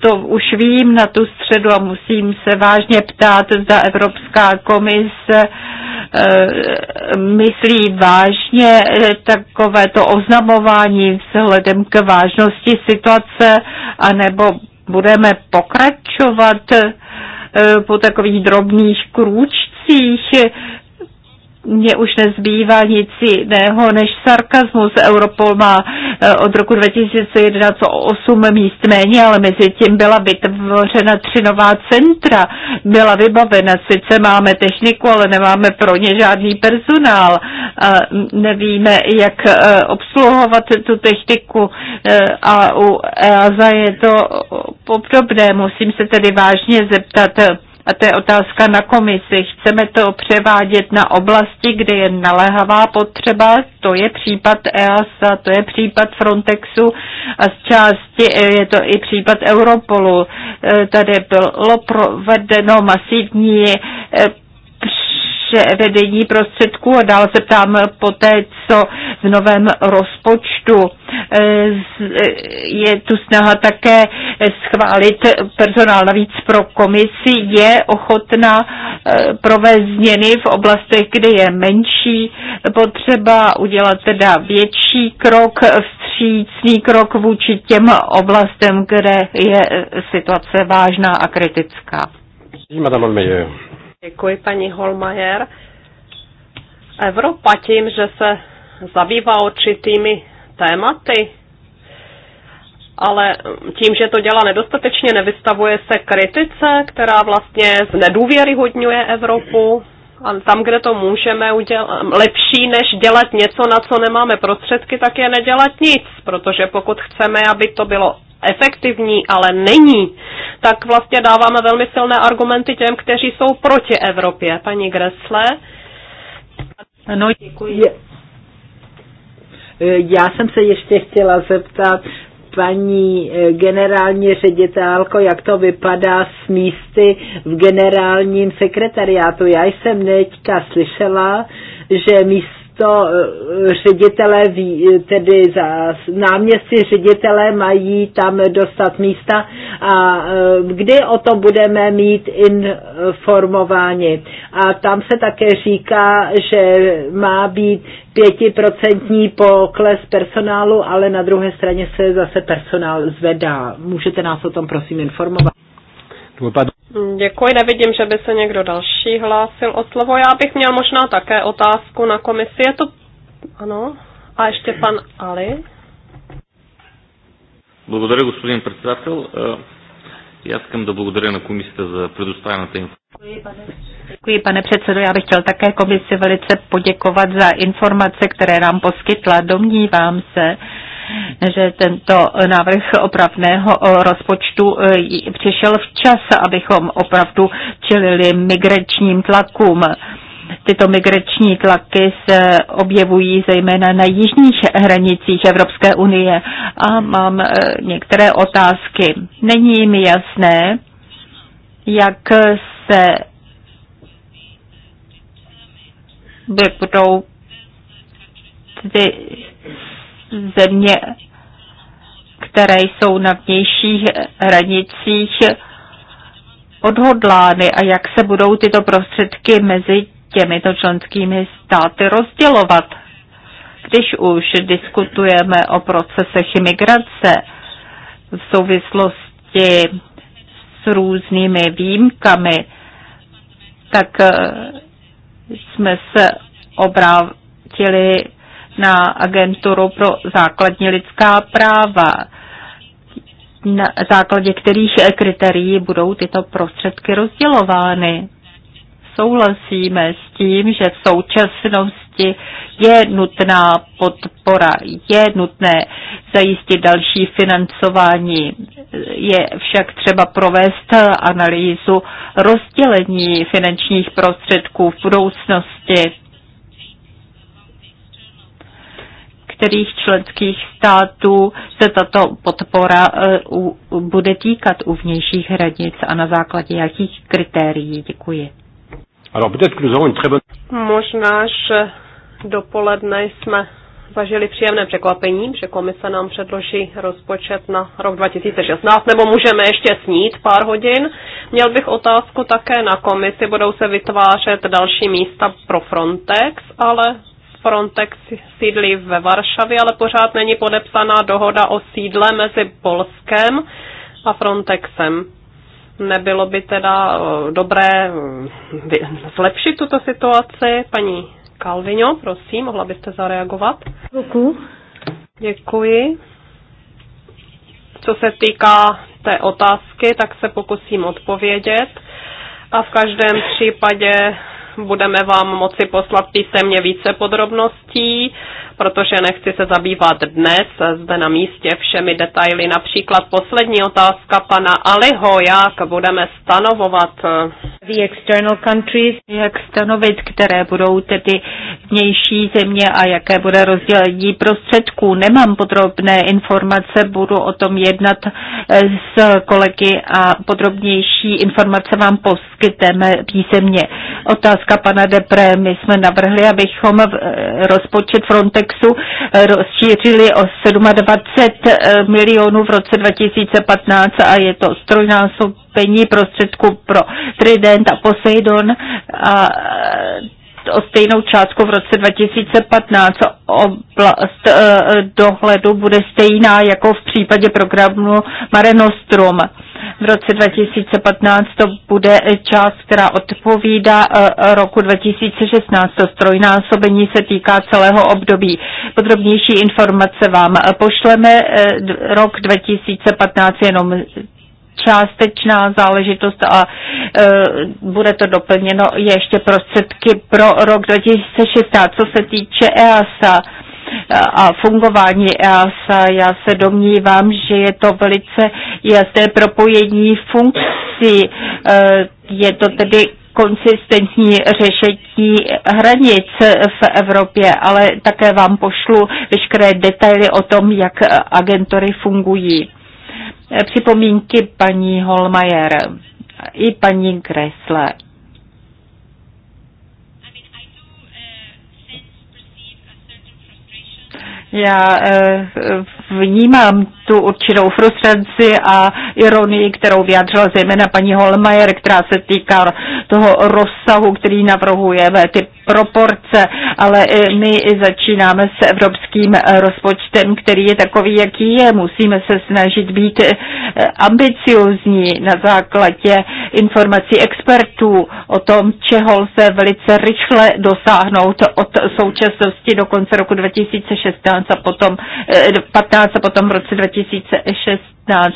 S1: to už vím na tu středu a musím se vážně ptát, zda Evropská komise eh, myslí vážně eh, takovéto oznamování vzhledem k vážnosti situace, anebo budeme pokračovat eh, po takových drobných krůčcích, mně už nezbývá nic jiného než sarkazmus. Europol má eh, od roku 2011 o 8 míst méně, ale mezi tím byla vytvořena tři nová centra. Byla vybavena, sice máme techniku, ale nemáme pro ně žádný personál. A nevíme, jak eh, obsluhovat tu techniku eh, a u EASA je to obdobné. Musím se tedy vážně zeptat, a to je otázka na komisi. Chceme to převádět na oblasti, kde je naléhavá potřeba. To je případ EASA, to je případ Frontexu a z části e, je to i případ Europolu. E, tady bylo provedeno masivní e, vedení prostředků a dál se ptám po té, co v novém rozpočtu e, e, je tu snaha také schválit personál. Navíc pro komisi je ochotná e, provést změny v oblastech, kde je menší potřeba udělat teda větší krok, vstřícný krok vůči těm oblastem, kde je situace vážná a
S2: kritická. Madame Meyer. Děkuji, paní Holmajer. Evropa tím, že se zabývá určitými tématy, ale tím, že to dělá nedostatečně, nevystavuje se kritice, která vlastně znedůvěryhodňuje Evropu. A tam, kde to můžeme udělat, lepší než dělat něco, na co nemáme prostředky, tak je nedělat nic, protože pokud chceme, aby to bylo efektivní, ale není, tak vlastně dáváme velmi silné argumenty těm, kteří jsou proti Evropě. Paní Gresle. Ano, děkuji.
S1: Já jsem se ještě chtěla zeptat, paní eh, generální ředitelko, jak to vypadá s místy v generálním sekretariátu. Já jsem teďka slyšela, že místo to eh, ředitelé, tedy za náměstci ředitelé mají tam dostat místa a eh, kdy o to budeme mít informováni. A tam se také říká, že má být pětiprocentní pokles personálu, ale na druhé straně se zase personál zvedá. Můžete nás o tom prosím informovat?
S2: Děkuji, nevidím, že by se někdo další hlásil o slovo. Já bych měl možná také otázku na komisi. Je to... Ano. A ještě pan Ali. Благодаря, господин председател. И аз искам да благодаря на комисията за предоставената информация.
S1: Děkuji, pane předsedo. Já bych chtěl také komisi velice poděkovat za informace, které nám poskytla. Domnívám se, že tento návrh opravného eh, rozpočtu eh, přišel včas, abychom opravdu čelili migračním tlakům. Tyto migrační tlaky se objevují zejména na jižních hranicích Evropské unie a mám eh, některé otázky. Není mi jasné, jak se budou ty země, které jsou na vnějších hranicích odhodlány a jak se budou tyto prostředky mezi těmito členskými státy rozdělovat. Když už diskutujeme o procesech imigrace v souvislosti s různými výjimkami, tak eh, jsme se obrátili na agenturu pro základní lidská práva, na základě kterých kritérií budou tyto prostředky rozdělovány. Souhlasíme s tím, že v současnosti je nutná podpora, je nutné zajistit další financování. Je však třeba provést analýzu rozdělení finančních prostředků v budoucnosti některých členských států se tato podpora e, bude týkat u vnějších hranic a na základě jakých kritérií? Děkuji.
S2: Možná, že dopoledne jsme zažili příjemné překvapení, že komise nám předloží rozpočet na rok 2016, nebo můžeme ještě snít pár hodin. Měl bych otázku také na komisi, budou se vytvářet další místa pro Frontex, ale Frontex sídlí ve Varšavě, ale pořád není podepsaná dohoda o sídle mezi Polskem a Frontexem. Nebylo by teda eh, dobré eh, zlepšit tuto situaci? Paní Kalvino, prosím, mohla byste zareagovat? Děkuji. Děkuji. Co se týká té otázky, tak se pokusím odpovědět. A v každém případě budeme vám moci poslat písemně více podrobností protože nechci se zabývat dnes zde na místě všemi detaily. Například poslední otázka pana Aliho, jak budeme stanovovat eh,
S1: the external countries, jak stanovit, které budou tedy vnější země a jaké bude rozdělení prostředků. Nemám podrobné informace, budu o tom jednat eh, s kolegy a podrobnější informace vám poskytneme písemně. Otázka pana Depré, my jsme navrhli, abychom eh, rozpočet Frontex Frontexu eh, rozšířili o 27 eh, milionů v roce 2015 a je to strojnásobení prostředků pro Trident a Poseidon a eh, o stejnou částku v roce 2015. Oblast dohledu bude stejná jako v případě programu Mare Nostrum. V roce 2015 to bude část, která odpovídá e, e, roku 2016. To strojnásobení se týká celého období. Podrobnější informace vám e, pošleme. Rok 2015 jenom částečná záležitost a e, bude to doplněno ještě prostředky pro rok 2016. Co se týče EASA, a fungování EASA. Já se domnívám, že je to velice jasné propojení funkcí. E, je to tedy konsistentní řešení hranic v Evropě, ale také vám pošlu veškeré detaily o tom, jak agentury fungují. Připomínky paní Holmajer i paní Kresle. Já eh, vnímám tu určitou frustraci a ironii, kterou vyjádřila zejména paní Holmajer, která se týká toho rozsahu, který navrhujeme, ty proporce, ale my začínáme s evropským rozpočtem, který je takový, jaký je. Musíme se snažit být eh, ambiciozní na základě informací expertů o tom, čeho lze velice rychle dosáhnout od současnosti do konce roku 2016 a potom 15 eh, a potom v roce 2020 2016.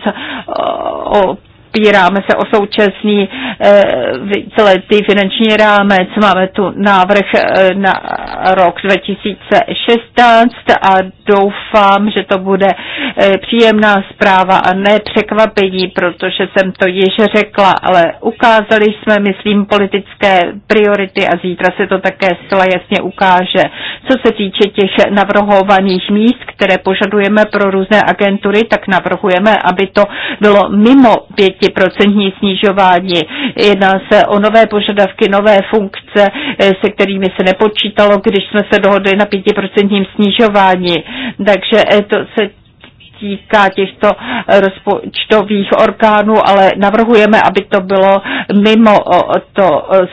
S1: O, Píráme se o současný e, víceletý finanční rámec. Máme tu návrh e, na rok 2016 a doufám, že to bude Eh, příjemná zpráva a ne překvapení, protože jsem to již řekla, ale ukázali jsme, myslím, politické priority a zítra se to také zcela jasně ukáže. Co se týče těch navrhovaných míst, které požadujeme pro různé agentury, tak navrhujeme, aby to bylo mimo 5% snižování. Jedná se o nové požadavky, nové funkce, eh, se kterými se nepočítalo, když jsme se dohodli na 5% snižování. Takže eh, to se týká těchto eh, rozpočtových orgánů, ale navrhujeme, aby to bylo mimo to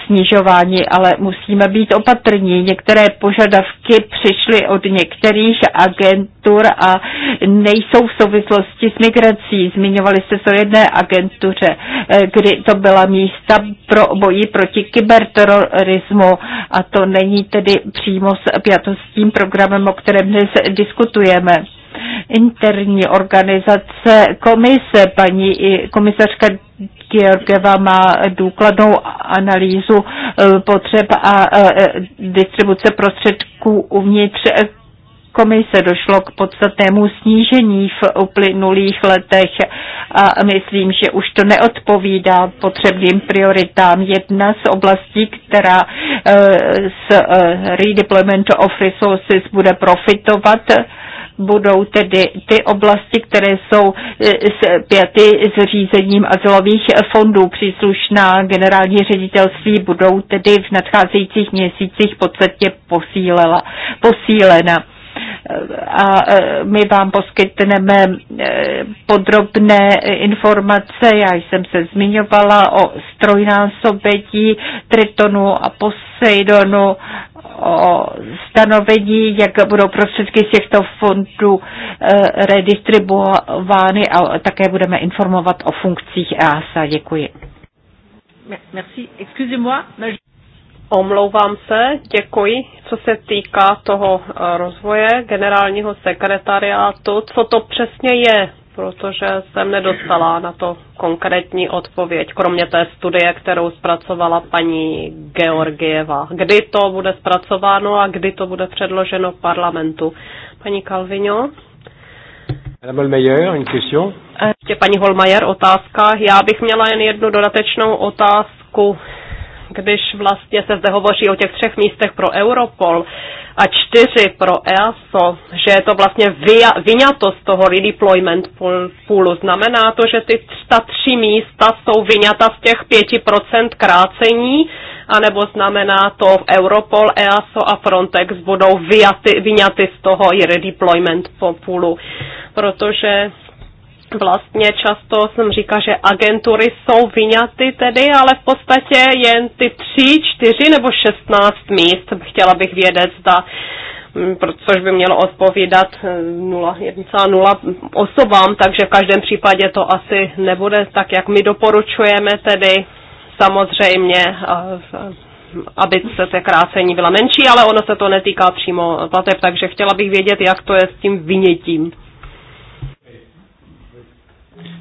S1: snižování, ale musíme být opatrní. Některé požadavky přišly od některých agentur a nejsou v souvislosti s migrací. Zmiňovali se o jedné agentuře, eh, kdy to byla místa pro boji proti kyberterorismu a to není tedy přímo s pětostím programem, o kterém dnes diskutujeme interní organizace komise. Paní komisařka Georgieva má důkladnou analýzu eh, potřeb a eh, eh, distribuce prostředků uvnitř komise došlo k podstatnému snížení v uplynulých letech a myslím, že už to neodpovídá potřebným prioritám. Jedna z oblastí, která z Redeployment of Resources bude profitovat, budou tedy ty oblasti, které jsou zpěty e, s řízením azylových fondů. Příslušná generální ředitelství budou tedy v nadcházejících měsících podstatě posílela, posílena a e, my vám poskytneme e, podrobné informace. Já jsem se zmiňovala o strojnásobení Tritonu a Poseidonu o stanovení, jak budou prostředky z těchto fondů eh, redistribuovány a také budeme informovat o funkcích EASA. Děkuji.
S2: Merci. Excusez-moi. Omlouvám se, děkuji. Co se týká toho eh, rozvoje generálního sekretariátu, co to přesně je? protože jsem nedostala na to konkrétní odpověď, kromě té studie, kterou zpracovala paní Georgieva. Kdy to bude zpracováno a kdy to bude předloženo parlamentu? Paní Kalvino? Ještě paní Holmajer, otázka. Já bych měla jen jednu dodatečnou otázku když vlastně se zde hovoří o těch třech místech pro Europol a čtyři pro EASO, že je to vlastně vyňato z toho redeployment poolu. Znamená to, že ty ta tři místa jsou vyňata z těch 5% krácení, anebo znamená to v Europol, EASO a Frontex budou vyjaty, vyňaty z toho i redeployment poolu, protože vlastně často jsem říká, že agentury jsou vyňaty tedy, ale v podstatě jen ty tři, čtyři nebo šestnáct míst. Chtěla bych vědět, zda mm, což by mělo odpovídat 0,0 eh, osobám, takže v každém případě to asi nebude tak, jak my doporučujeme tedy samozřejmě aby se té krácení byla menší, ale ono se to netýká přímo plateb, takže chtěla bych vědět, jak to je s tím vynětím.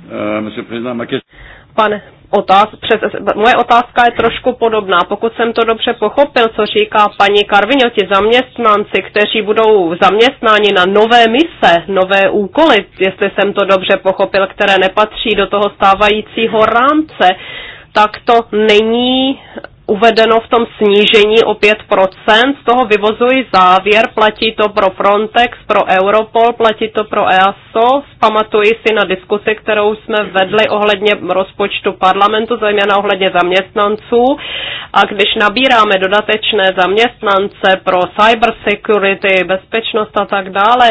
S2: Eh, Pane, otáz, před, moje otázka je trošku podobná. Pokud jsem to dobře pochopil, co říká paní Karvinio, ti zaměstnanci, kteří budou zaměstnáni na nové mise, nové úkoly, jestli jsem to dobře pochopil, které nepatří do toho stávajícího rámce, tak to není uvedeno v tom snížení o 5%, z toho vyvozuji závěr, platí to pro Frontex, pro Europol, platí to pro EASO, pamatuji si na diskusi, kterou jsme vedli ohledně rozpočtu parlamentu, zejména ohledně zaměstnanců a když nabíráme dodatečné zaměstnance pro cyber security, bezpečnost a tak dále,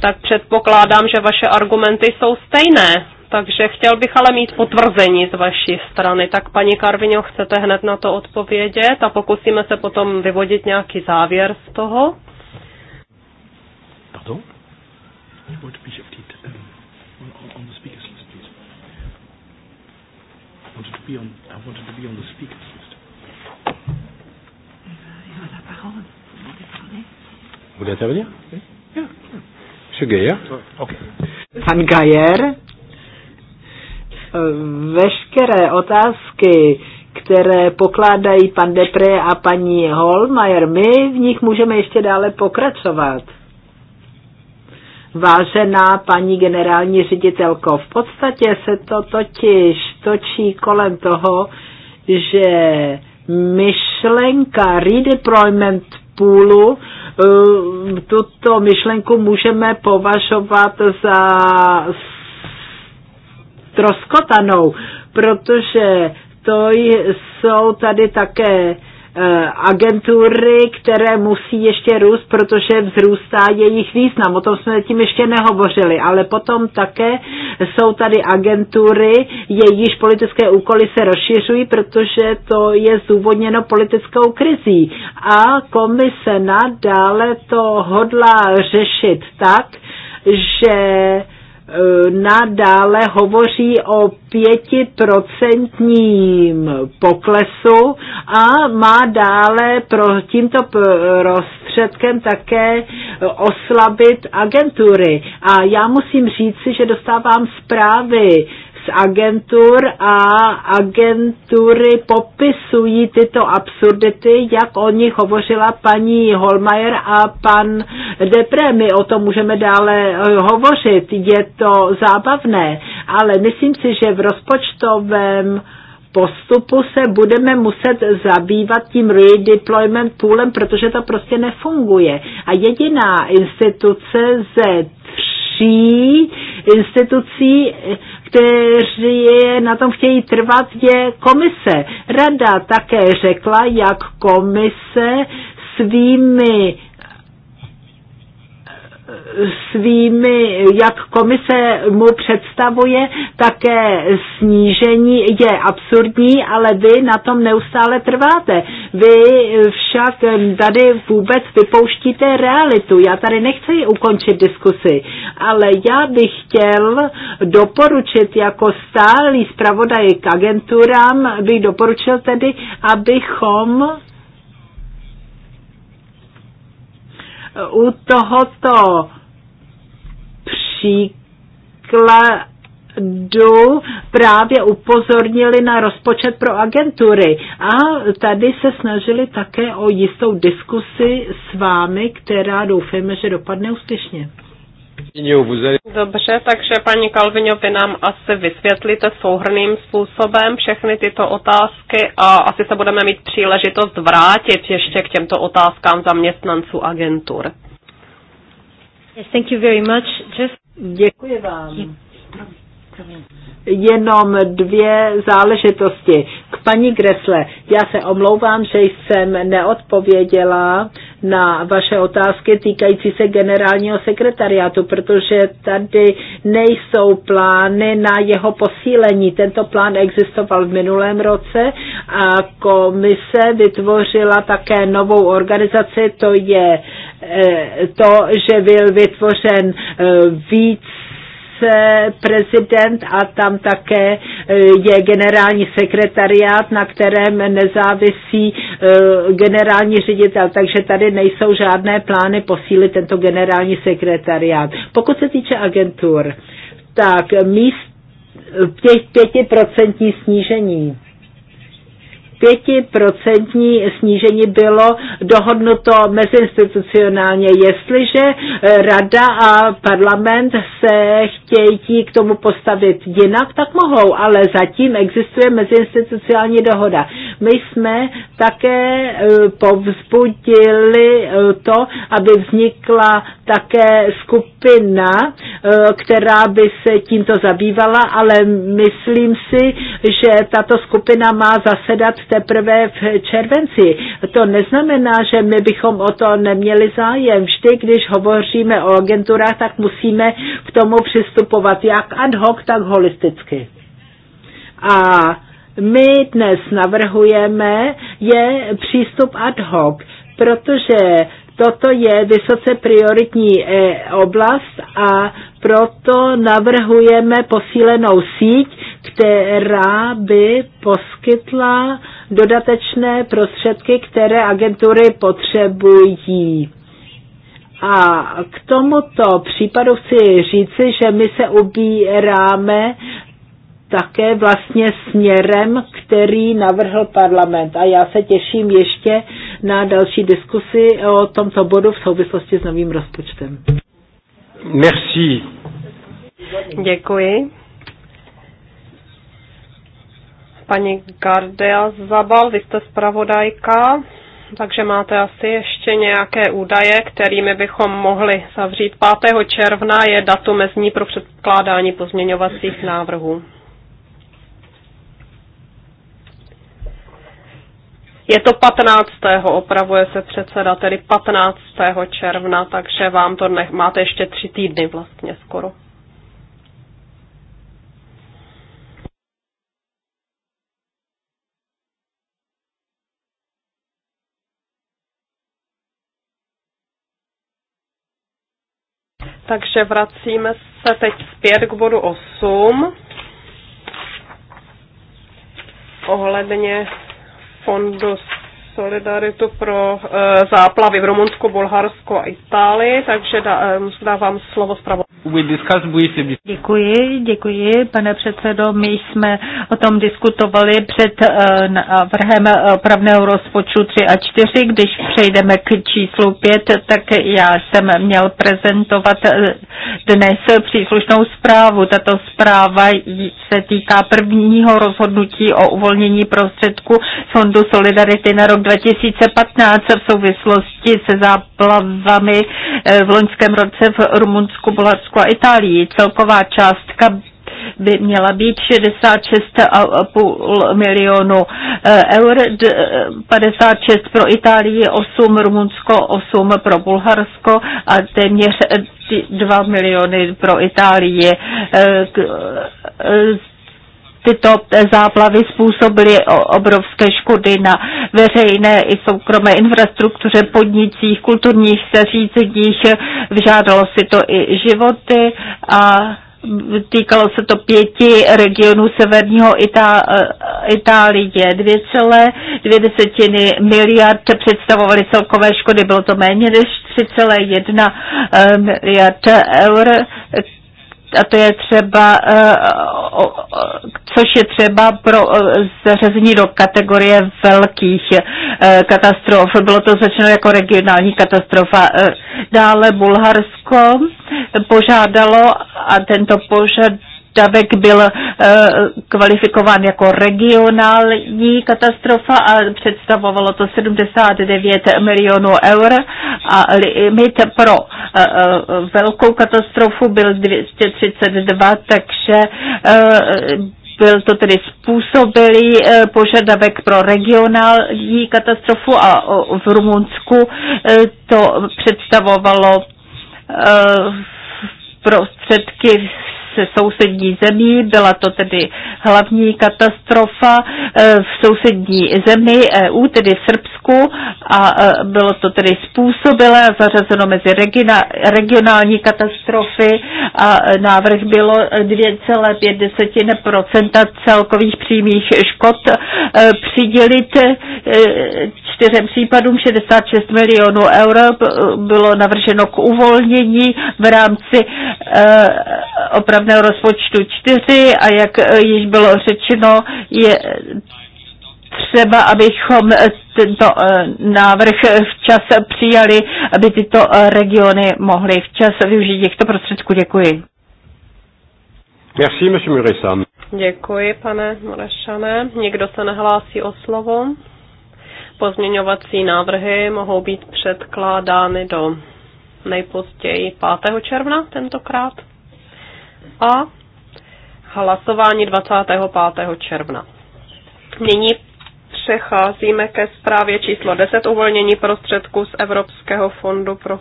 S2: tak předpokládám, že vaše argumenty jsou stejné takže chtěl bych ale mít potvrzení z vaší strany. Tak paní Karvino, chcete hned na to odpovědět a pokusíme se potom vyvodit nějaký závěr z toho.
S1: Pardon? Um, Budete intervenir? Yeah. Monsieur Gaillard. Okay. Pan Gaillard veškeré otázky, které pokládají pan Depre a paní Holmajer, my v nich můžeme ještě dále pokračovat. Vážená paní generální ředitelko, v podstatě se to totiž točí kolem toho, že myšlenka redeployment půlu, eh, tuto myšlenku můžeme považovat za stroskotanou, protože to jsou tady také eh, agentury, které musí ještě růst, protože vzrůstá jejich význam. O tom jsme tím ještě nehovořili, ale potom také jsou tady agentury, jejichž politické úkoly se rozšiřují, protože to je zdůvodněno politickou krizí. A komise nadále to hodlá řešit tak, že Eh, nadále hovoří o pětiprocentním poklesu a má dále pro tímto prostředkem také eh, oslabit agentury. A já musím říci, že dostávám zprávy agentur a agentury popisují tyto absurdity, jak o nich hovořila paní Holmajer a pan Depré. My o tom můžeme dále eh, hovořit, je to zábavné, ale myslím si, že v rozpočtovém postupu se budeme muset zabývat tím redeployment poolem, protože to prostě nefunguje. A jediná instituce ze tří institucí kteří na tom chtějí trvat, je komise. Rada také řekla, jak komise svými svými, jak komise mu představuje, také snížení je absurdní, ale vy na tom neustále trváte. Vy však tady vůbec vypouštíte realitu. Já tady nechci ukončit diskusi, ale já bych chtěl doporučit jako stálý zpravodaj k agenturám, bych doporučil tedy, abychom u tohoto příkladu právě upozornili na rozpočet pro agentury. A tady se snažili také o jistou diskusi s vámi, která doufejme, že dopadne úspěšně.
S2: Dobře, takže paní Kalvino, vy nám asi vysvětlíte souhrným způsobem všechny tyto otázky a asi se budeme mít příležitost vrátit ještě k těmto otázkám zaměstnanců agentur.
S1: Yes, thank you very much. Just... Děkuji vám jenom dvě záležitosti. K paní Gresle, já se omlouvám, že jsem neodpověděla na vaše otázky týkající se generálního sekretariátu, protože tady nejsou plány na jeho posílení. Tento plán existoval v minulém roce a komise vytvořila také novou organizaci, to je eh, to, že byl vytvořen eh, víc prezident a tam také e, je generální sekretariát, na kterém nezávisí e, generální ředitel, takže tady nejsou žádné plány posílit tento generální sekretariát. Pokud se týče agentur, tak míst pětiprocentní snížení pětiprocentní snížení bylo dohodnuto meziinstitucionálně, jestliže eh, rada a parlament se chtějí k tomu postavit jinak, tak mohou, ale zatím existuje meziinstitucionální dohoda. My jsme také eh, povzbudili eh, to, aby vznikla také skupina Eh, která by se tímto zabývala, ale myslím si, že tato skupina má zasedat teprve v červenci. To neznamená, že my bychom o to neměli zájem. Vždy, když hovoříme o agenturách, tak musíme k tomu přistupovat jak ad hoc, tak holisticky. A my dnes navrhujeme je přístup ad hoc, protože Toto je vysoce prioritní eh, oblast a proto navrhujeme posílenou síť, která by poskytla dodatečné prostředky, které agentury potřebují. A k tomuto případu chci říci, že my se ubíráme také vlastně směrem, který navrhl parlament. A já se těším ještě na další diskusi o tomto bodu v souvislosti s novým rozpočtem.
S2: Merci. Děkuji. Paní Gardea Zabal, vy jste zpravodajka, takže máte asi ještě nějaké údaje, kterými bychom mohli zavřít. 5. června je datum mezní pro předkládání pozměňovacích návrhů. Je to 15. opravuje se předseda, tedy 15. června, takže vám to nech, máte ještě tři týdny vlastně skoro. Takže vracíme se teď zpět k bodu 8 ohledně fondu solidaritu pro eh, záplavy v Rumunsku, Bulharsku a Itálii, takže eh, dávám slovo zpravo.
S1: Děkuji, děkuji, pane předsedo. My jsme o tom diskutovali před eh, návrhem opravného rozpočtu 3 a 4. Když přejdeme k číslu 5, tak já jsem měl prezentovat dnes příslušnou zprávu. Tato zpráva se týká prvního rozhodnutí o uvolnění prostředku Fondu Solidarity na rok 2015 v souvislosti se záplavami eh, v loňském roce v Rumunsku, Bulharsku a Itálii. Celková částka by měla být 66,5 milionu eh, eur, 56 pro Itálii, 8 Rumunsko, 8 pro Bulharsko a téměř 2 eh, miliony pro Itálii tyto záplavy způsobily obrovské škody na veřejné i soukromé infrastruktuře, podnicích, kulturních zařízeních. Vyžádalo si to i životy a týkalo se to pěti regionů severního Itá- eh, Itálie. desetiny miliard představovaly celkové škody, bylo to méně než 3,1 eh, miliard eur a to je třeba, eh, což je třeba pro eh, zařazení do kategorie velkých eh, katastrof. Bylo to začeno jako regionální katastrofa. Dále Bulharsko požádalo a tento požad Davek byl eh, kvalifikován jako regionální katastrofa a představovalo to 79 milionů eur a limit pro eh, eh, velkou katastrofu byl 232, takže byl to tedy způsobilý požadavek pro regionální katastrofu a v Rumunsku to představovalo prostředky se sousední zemí. Byla to tedy hlavní katastrofa eh, v sousední zemi EU, tedy v Srbsku, a eh, bylo to tedy způsobilé a zařazeno mezi regionální katastrofy a eh, návrh bylo 2,5 celkových přímých škod přidělit čtyřem případům 66 milionů euro bylo navrženo k uvolnění v rámci opravného rozpočtu 4 a jak eh, již bylo řečeno, je třeba, abychom tento eh, návrh včas přijali, aby tyto eh, regiony mohly včas využít těchto prostředků. Děkuji.
S2: Merci, monsieur Muresan. Děkuji, pane Murešane. Někdo se nehlásí o slovo? Pozměňovací návrhy mohou být předkládány do nejpozději 5. června tentokrát a hlasování 25. června. Nyní přecházíme ke zprávě číslo 10 uvolnění prostředků z Evropského fondu pro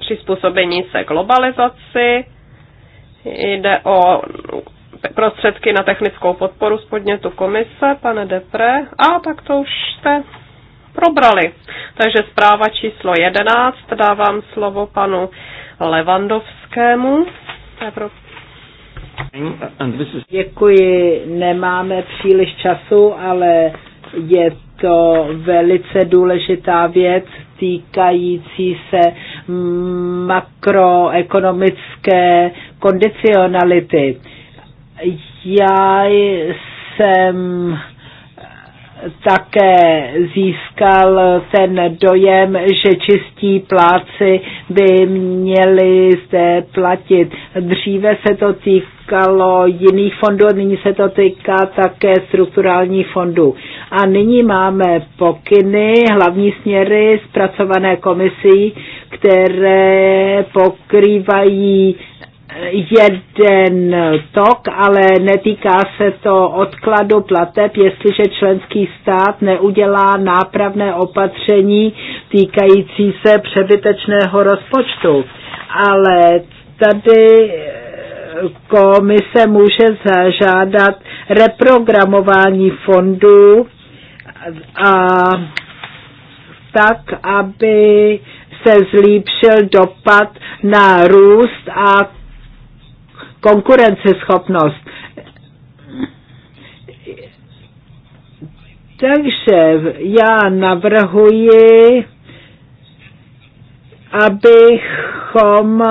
S2: přizpůsobení se globalizaci. Jde o prostředky na technickou podporu z podnětu komise, pane Depre. A tak to už jste probrali. Takže zpráva číslo 11, dávám slovo panu Levandovskému. Děkuji,
S1: nemáme příliš času, ale je to velice důležitá věc týkající se makroekonomické kondicionality. Já jsem také získal ten dojem, že čistí pláci by měli zde platit. Dříve se to týkalo jiných fondů, nyní se to týká také strukturálních fondů. A nyní máme pokyny, hlavní směry zpracované komisí, které pokrývají jeden tok, ale netýká se to odkladu plateb, jestliže členský stát neudělá nápravné opatření týkající se přebytečného rozpočtu. Ale tady eh, komise může zažádat reprogramování fondů a tak, aby se zlepšil dopad na růst a konkurenceschopnost. Takže já navrhuji, abychom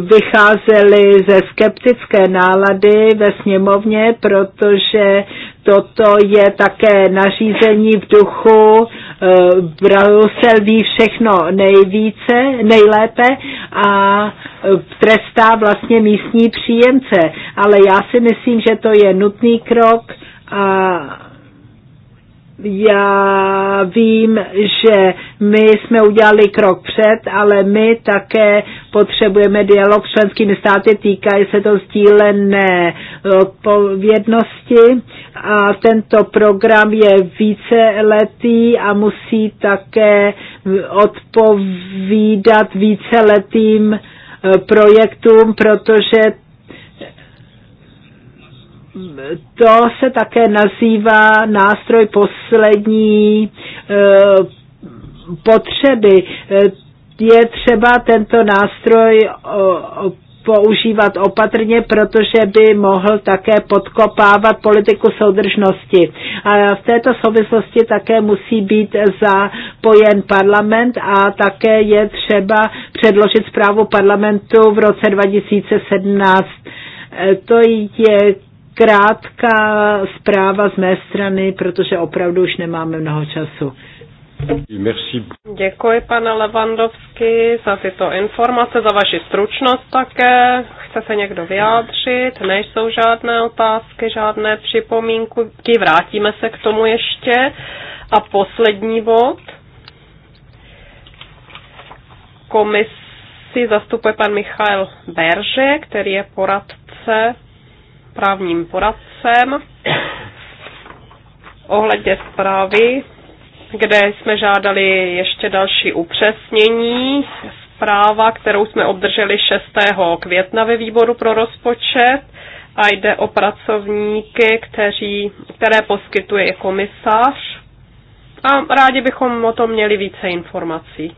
S1: vycházeli ze skeptické nálady ve sněmovně, protože toto je také nařízení v duchu Brusel ví všechno nejvíce, nejlépe a e, trestá vlastně místní příjemce. Ale já si myslím, že to je nutný krok a já vím, že my jsme udělali krok před, ale my také potřebujeme dialog s členskými státy, týká se to sdílené odpovědnosti eh, a tento program je víceletý a musí také odpovídat víceletým eh, projektům, protože to se také nazývá nástroj poslední eh, potřeby. Eh, je třeba tento nástroj eh, používat opatrně, protože by mohl také podkopávat politiku soudržnosti. A v této souvislosti také musí být zapojen parlament a také je třeba předložit zprávu parlamentu v roce 2017. To je krátká zpráva z mé strany, protože opravdu už nemáme mnoho času.
S2: Merci. Děkuji, pane Levandovský, za tyto informace, za vaši stručnost také. Chce se někdo vyjádřit? Nejsou žádné otázky, žádné připomínky. Vrátíme se k tomu ještě. A poslední bod. Komisi zastupuje pan Michal Berže, který je poradce právním poradcem ohledně zprávy, kde jsme žádali ještě další upřesnění. Zpráva, kterou jsme obdrželi 6. května ve výboru pro rozpočet a jde o pracovníky, kteří, které poskytuje komisář. A rádi bychom o tom měli více informací.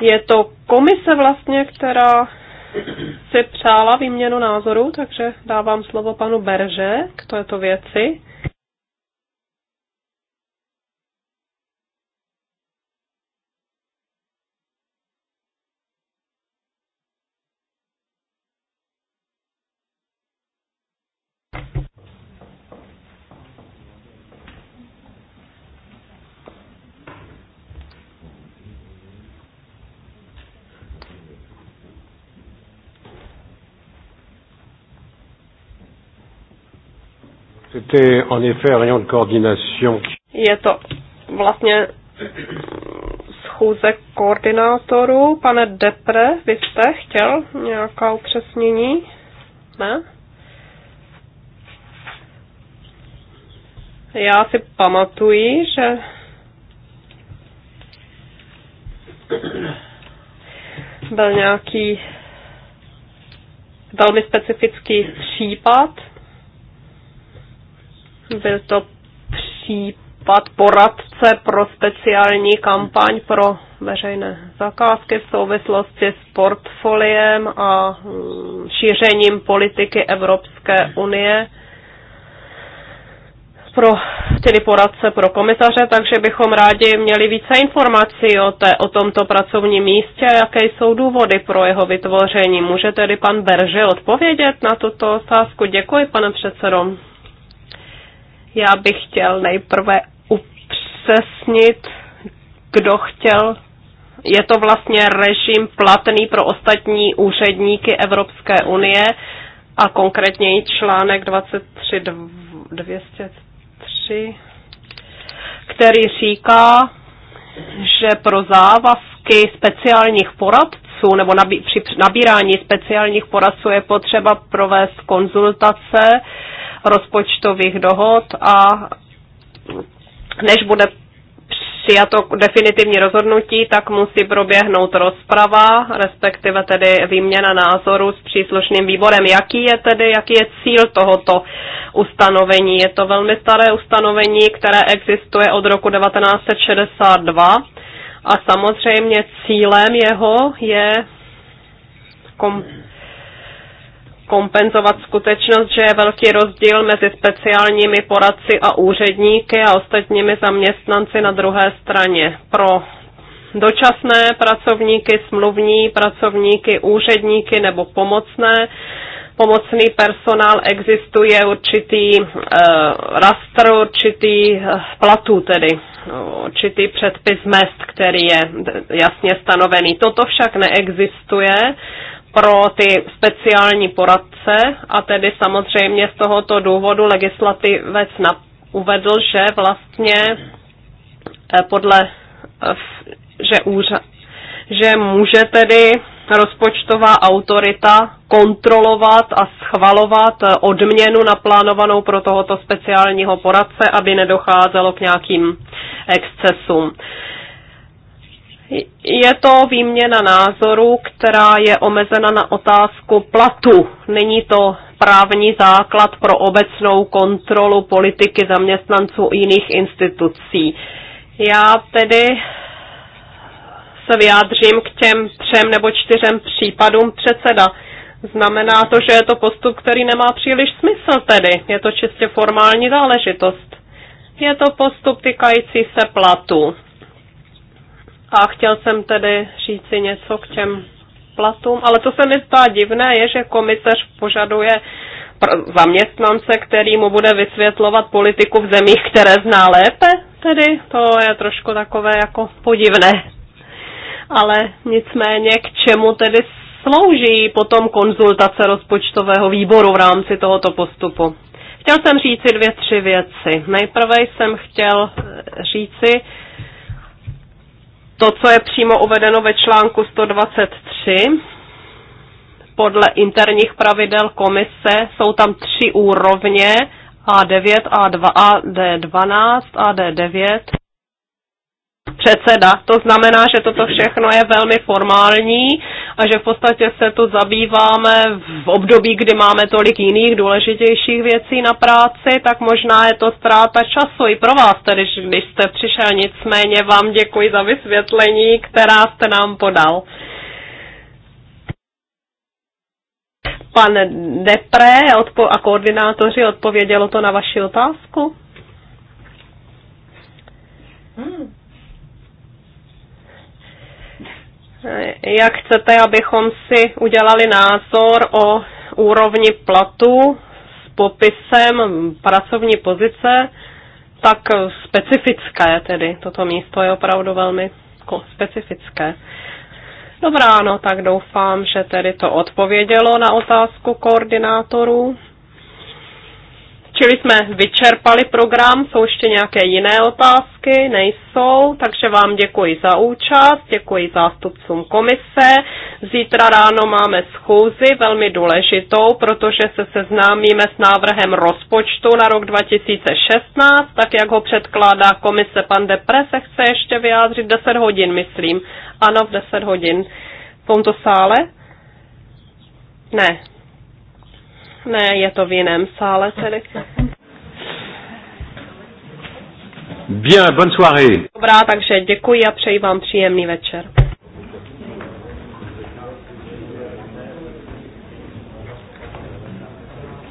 S2: Je to komise vlastně, která si přála výměnu názoru, takže dávám slovo panu Berže k této věci. Je to vlastně schůze koordinátorů. Pane Depre, vy jste chtěl nějaká upřesnění? Ne? Já si pamatuji, že byl nějaký velmi specifický případ, byl to případ poradce pro speciální kampaň pro veřejné zakázky v souvislosti s portfoliem a mm, šířením politiky Evropské unie pro, tedy poradce pro komisaře, takže bychom rádi měli více informací o, té, o tomto pracovním místě a jaké jsou důvody pro jeho vytvoření. Může tedy pan Berže odpovědět na tuto otázku? Děkuji, pane předsedo. Já bych chtěl nejprve upřesnit, kdo chtěl. Je to vlastně režim platný pro ostatní úředníky Evropské unie a konkrétně i článek 23 203, který říká, že pro závazky speciálních poradců nebo nabí, při nabírání speciálních poradců je potřeba provést konzultace rozpočtových dohod a než bude přijato definitivní rozhodnutí, tak musí proběhnout rozprava, respektive tedy výměna názoru s příslušným výborem. Jaký je tedy, jaký je cíl tohoto ustanovení? Je to velmi staré ustanovení, které existuje od roku 1962 a samozřejmě cílem jeho je kom- kompenzovat skutečnost, že je velký rozdíl mezi speciálními poradci a úředníky a ostatními zaměstnanci na druhé straně. Pro dočasné pracovníky, smluvní pracovníky, úředníky nebo pomocné pomocný personál existuje určitý e, rastr, určitý e, platů tedy, určitý předpis mest, který je jasně stanovený. Toto však neexistuje pro ty speciální poradce a tedy samozřejmě z tohoto důvodu legislativec uvedl, že vlastně eh, podle, eh, že, úřa, že může tedy rozpočtová autorita kontrolovat a schvalovat eh, odměnu naplánovanou pro tohoto speciálního poradce, aby nedocházelo k nějakým excesům. Je to výměna názorů, která je omezena na otázku platu. Není to právní základ pro obecnou kontrolu politiky zaměstnanců jiných institucí. Já tedy se vyjádřím k těm třem nebo čtyřem případům předseda. Znamená to, že je to postup, který nemá příliš smysl tedy. Je to čistě formální záležitost. Je to postup týkající se platu. A chtěl jsem tedy si něco k těm platům, ale co se mi zdá divné je, že komisař požaduje zaměstnance, který mu bude vysvětlovat politiku v zemích, které zná lépe, tedy to je trošku takové jako podivné. Ale nicméně k čemu tedy slouží potom konzultace rozpočtového výboru v rámci tohoto postupu? Chtěl jsem říci dvě, tři věci. Nejprve jsem chtěl říci, to, co je přímo uvedeno ve článku 123, podle interních pravidel komise jsou tam tři úrovně A9, A2, AD12, AD9 předseda. To znamená, že toto všechno je velmi formální a že v podstatě se tu zabýváme v období, kdy máme tolik jiných důležitějších věcí na práci, tak možná je to ztráta času i pro vás, tedy když jste přišel. Nicméně vám děkuji za vysvětlení, která jste nám podal. Pan Depre a koordinátoři odpovědělo to na vaši otázku? Hmm. Jak chcete, abychom si udělali názor o úrovni platu s popisem pracovní pozice, tak specifické tedy. Toto místo je opravdu velmi specifické. Dobrá, no tak doufám, že tedy to odpovědělo na otázku koordinátorů. Čili jsme vyčerpali program, jsou ještě nějaké jiné otázky, nejsou, takže vám děkuji za účast, děkuji zástupcům komise. Zítra ráno máme schůzi, velmi důležitou, protože se seznámíme s návrhem rozpočtu na rok 2016, tak jak ho předkládá komise pan Depre, se chce ještě vyjádřit 10 hodin, myslím. Ano, v 10 hodin. V tomto sále? Ne, ne, je to v jiném sále tedy. Bien, bonne soirée. Dobrá, takže děkuji a přeji vám příjemný večer.